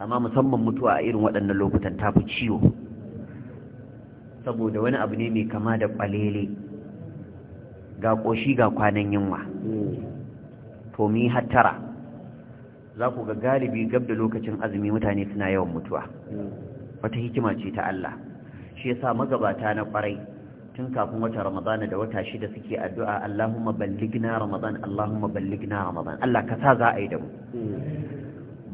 amma musamman mutuwa a irin waɗannan lokutan ta fi ciwo saboda wani abu ne mai kama da ƙwalele ga ƙoshi ga kwanan yunwa to mi hattara za ku ga galibi gab da lokacin azumi mutane suna yawan mutuwa wata hikima ce ta Allah shi yasa magabata na kwarai tun kafin wata ramadana da wata shida suke addu'a Allahumma balligna ramadan Allahumma balligna ramadan Allah ka sa za a yi da mu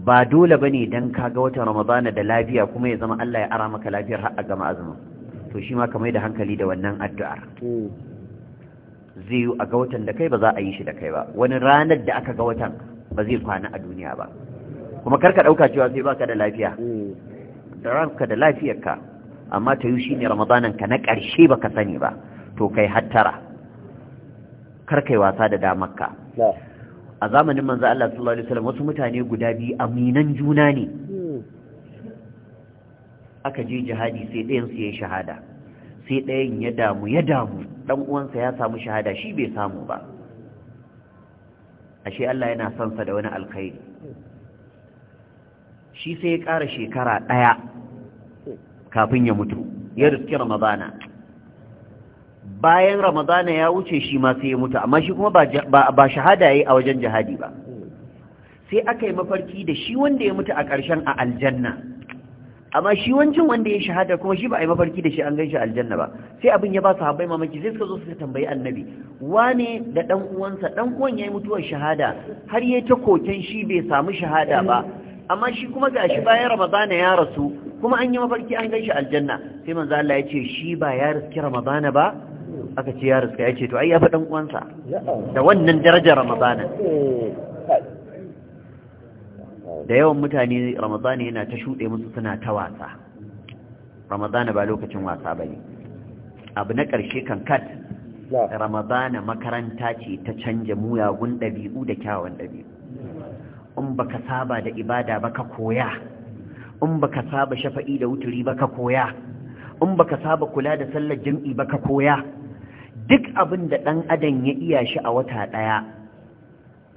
ba dole bane dan kaga wata ramadana da lafiya kuma ya zama Allah ya ara maka lafiyar har a gama to shi ma ka mai da hankali da wannan addu'ar zai yi a ga watan da kai ba za a yi shi da kai ba wani ranar da aka ga watan ba zai kwana a duniya ba kuma karka ɗauka cewa sai baka da lafiya da ranka da lafiyarka amma ta yi shi ne ka na ƙarshe baka sani ba to kai hattara kai wasa da damarka a zamanin manzo Allah sallallahu alaihi wasallam wasu mutane guda biyu aminan juna ne aka je jihadi sai ɗayan su ya shahada sai ɗayan ya damu ya damu Ɗan uwansa ya samu shahada shi bai samu ba ashe Allah yana son sa da wani alkhairi shi sai ya ƙara shekara ɗaya kafin ya mutu ya riski ramadana bayan ramadana ya wuce shi ma sai ya mutu amma shi kuma ba shahada ya yi a wajen jihadi ba sai aka yi mafarki da shi wanda ya mutu a ƙarshen a aljanna amma shi wancan wanda ya shahada kuma shi ba a yi mafarki da shi an gan shi aljanna ba sai abin ya ba su habbai mamaki sai suka zo suka tambayi annabi wane da dan uwansa dan uwan ya yi mutuwar shahada har yayi ta koken shi bai samu shahada ba amma shi kuma shi bayan ramadana ya rasu kuma an yi mafarki an gan shi aljanna sai manzo Allah ya ce shi ba ya riski ramadana ba aka ce ya riska ya ce to ai ya fi dan uwansa da wannan darajar ramadana eh, da yawan mutane ramadana yana ta shuɗe musu suna ta wasa ramadana ba lokacin wasa ba ne abu na ƙarshe kan kat ramadana makaranta ce ta canja muyagun ɗabi'u da kyawun ɗabi'u in ba ka saba da ibada ba ka koya in ba ka saba shafa'i da wuturi ba ka koya in ba ka saba kula da sallar jam'i ba ka koya duk abin da ɗan adam ya iya shi a wata ɗaya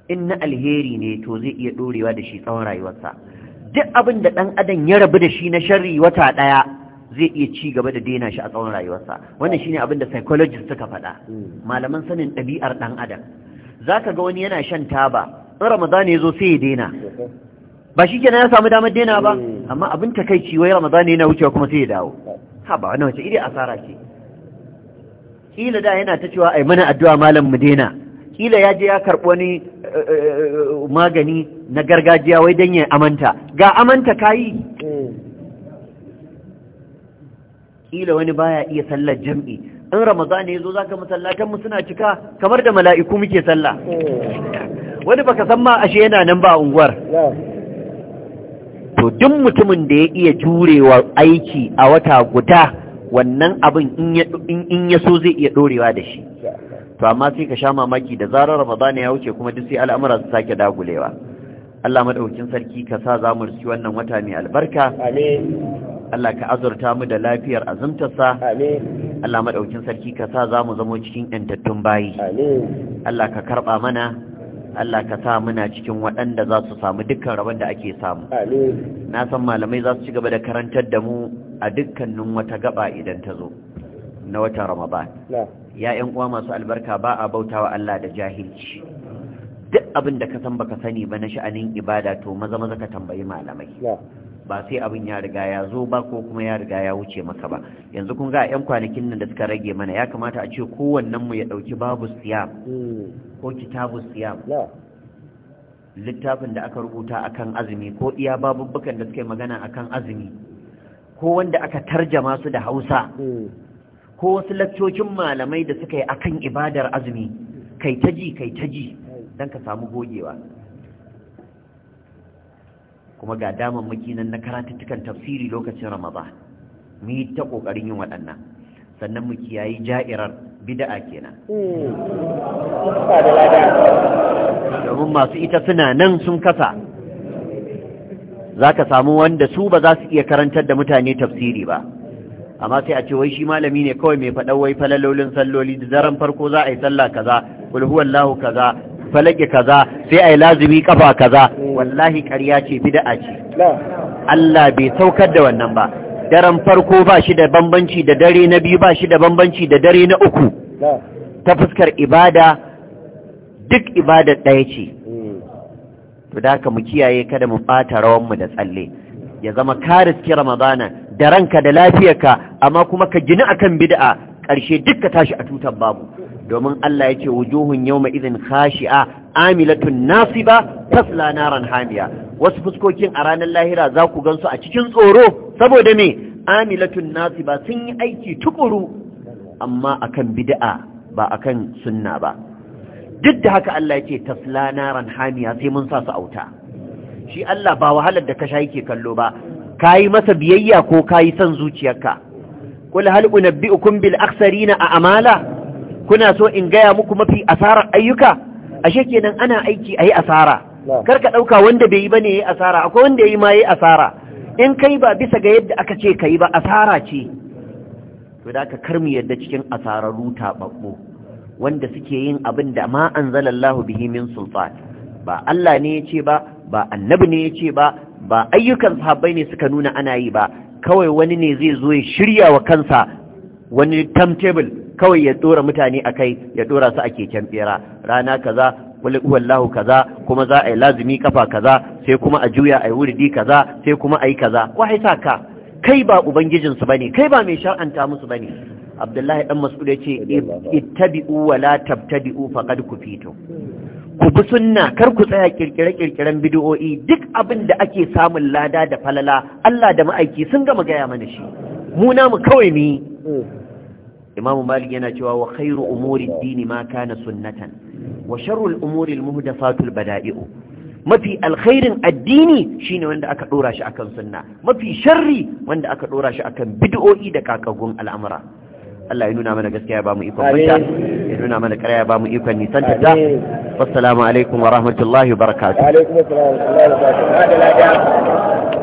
in na alheri ne to zai iya ɗorewa da shi tsawon rayuwarsa duk abin da ɗan adam ya rabu da shi na sharri wata ɗaya zai iya ci gaba da daina shi a tsawon rayuwarsa wannan shine abin da psychologist suka faɗa malaman sanin ɗabi'ar ɗan adam zaka ga wani yana shan taba in ramadani ya zo sai ya daina ba shi kenan ya samu damar daina ba amma abin takaici wai ramadani yana wucewa kuma sai ya dawo ha ba wannan wace iri asara ce kila da yana ta cewa ai mana addu'a malam mu daina kila ya je ya karɓi wani eh, eh, eh, magani na gargajiya wai don ya amanta ga amanta kayi kila wani baya iya sallar jam'i in ramadana ya zo za ka masallatanmu suna cika kamar da mala'iku muke sallah wani baka san ma ashe yana nan ba unguwar to duk mutumin da ya iya jurewa aiki a wata guda wannan abin in ya so zai iya ɗorewa da shi to amma sai ka sha mamaki da zarar na ya wuce kuma duk sai al'amura su sake dagulewa Allah madaukakin sarki ka sa za mu wannan wata mai albarka amin Allah ka azurta mu da lafiyar azumtarsa amin Allah madaukakin sarki ka sa za mu zamo cikin yantattun bayi amin Allah ka karba mana Allah ka sa muna cikin waɗanda za su samu dukkan rabon da ake samu. Na san malamai za su ci gaba da karantar da mu a dukkanin wata gaba idan ta zo na watan Ramadan. ya ‘yan uwa masu albarka ba a bauta wa Allah da jahilci duk abin da ka san baka sani ba na sha'anin ibada to maza maza ka tambayi malamai ba sai abin ya riga ya zo ba ko kuma ya riga ya wuce maka ba yanzu kun ga ‘yan kwanakin nan da suka rage mana ya kamata a ce kowannen mu ya ɗauki babu siyam hmm. ko kitabu siyam littafin da aka rubuta akan azumi ko iya babubbukan da suke magana akan azumi ko wanda aka tarjama su da hausa hmm. ko wasu lakcocin malamai da suka yi akan ibadar azumi kai ta ji kai ta ji don ka samu gogewa kuma ga damar makinan na karatattukan tafsiri lokacin ramadan mu yi ta ƙoƙarin yin waɗannan sannan mu kiyayi ja'irar bida'a kenan domin masu ita suna nan sun kasa za ka samu wanda su ba za su iya karantar da mutane tafsiri ba amma sai a ce wai shi malami ne kawai mai faɗa wai falalolin salloli da daren farko za a yi sallah kaza kul huwallahu kaza falage kaza sai a yi lazumi kafa kaza wallahi ƙarya ce fi da'a ce Allah bai saukar da wannan ba daren farko ba shi da bambanci da dare na biyu ba shi da bambanci da dare na uku ta fuskar ibada duk ibada ɗaya ce to da ka mu kiyaye kada mu ɓata rawanmu da tsalle ya zama Karis ki ramadana da ranka da lafiyarka amma kuma ka gini akan bid'a ƙarshe dukka tashi a tutar babu domin Allah ya ce wujuhun izin idhin khashi'a amilatun nasiba tasla naran hamiya wasu fuskokin a ranar lahira za ku su a cikin tsoro saboda me amilatun nasiba sun yi aiki tukuru amma akan bid'a ba akan sunna ba duk da haka Allah ya ce tasla naran hamiya sai mun sa su auta shi Allah ba wahalar da kasha yake kallo ba kayi masa biyayya ko kayi son zuciyarka kul hal unabbiukum bil akhsarina a amala kuna so in gaya muku mafi asarar ayyuka ashe kenan ana aiki ayi asara kar ka wanda bai yi bane yayi asara akwai wanda yayi ma yayi asara in kai ba bisa ga yadda aka ce yi ba asara ce to da ka kar mu yadda cikin asararu tababbo wanda suke yin abin da ma anzalallahu bihi min sultan ba Allah ne ya ce ba ba annabi ne ya ce ba ba ayyukan sahabbai ne suka nuna ana yi ba kawai wani ne zai zo ya shirya wa kansa wani timetable kawai ya dora mutane a kai ya dora su a keken bera rana kaza wallahu kaza kuma za a yi lazumi kafa kaza sai kuma a juya a yi wuridi kaza sai kuma a yi kaza Ko sa ka kai ba ubangijinsu ba ne kai ba mai shar'anta musu ba ne abdullahi dan mas'ud ya ce ittabi'u wa la tabtadi'u faqad kufitu ku bi sunna kar ku tsaya kirkire-kirkiren bidiyo'i duk abin da ake samun lada da falala Allah da ma'aiki sun gama gaya mana shi mu namu kawai ni imamu malik yana cewa wa khairu umuri dini ma kana sunnatan wa al umuri almuhdathatul bada'i'u mafi alkhairin addini shine wanda aka dora shi akan sunna mafi sharri wanda aka dora shi akan bid'o'i da kakagun al'amura Allah ya nuna mana gaskiya ba mu ikon banta ya nuna mana karya ya ba mu ikon nisan ta ta wassalamu alaikum wa rahmatullahi wa barakatuh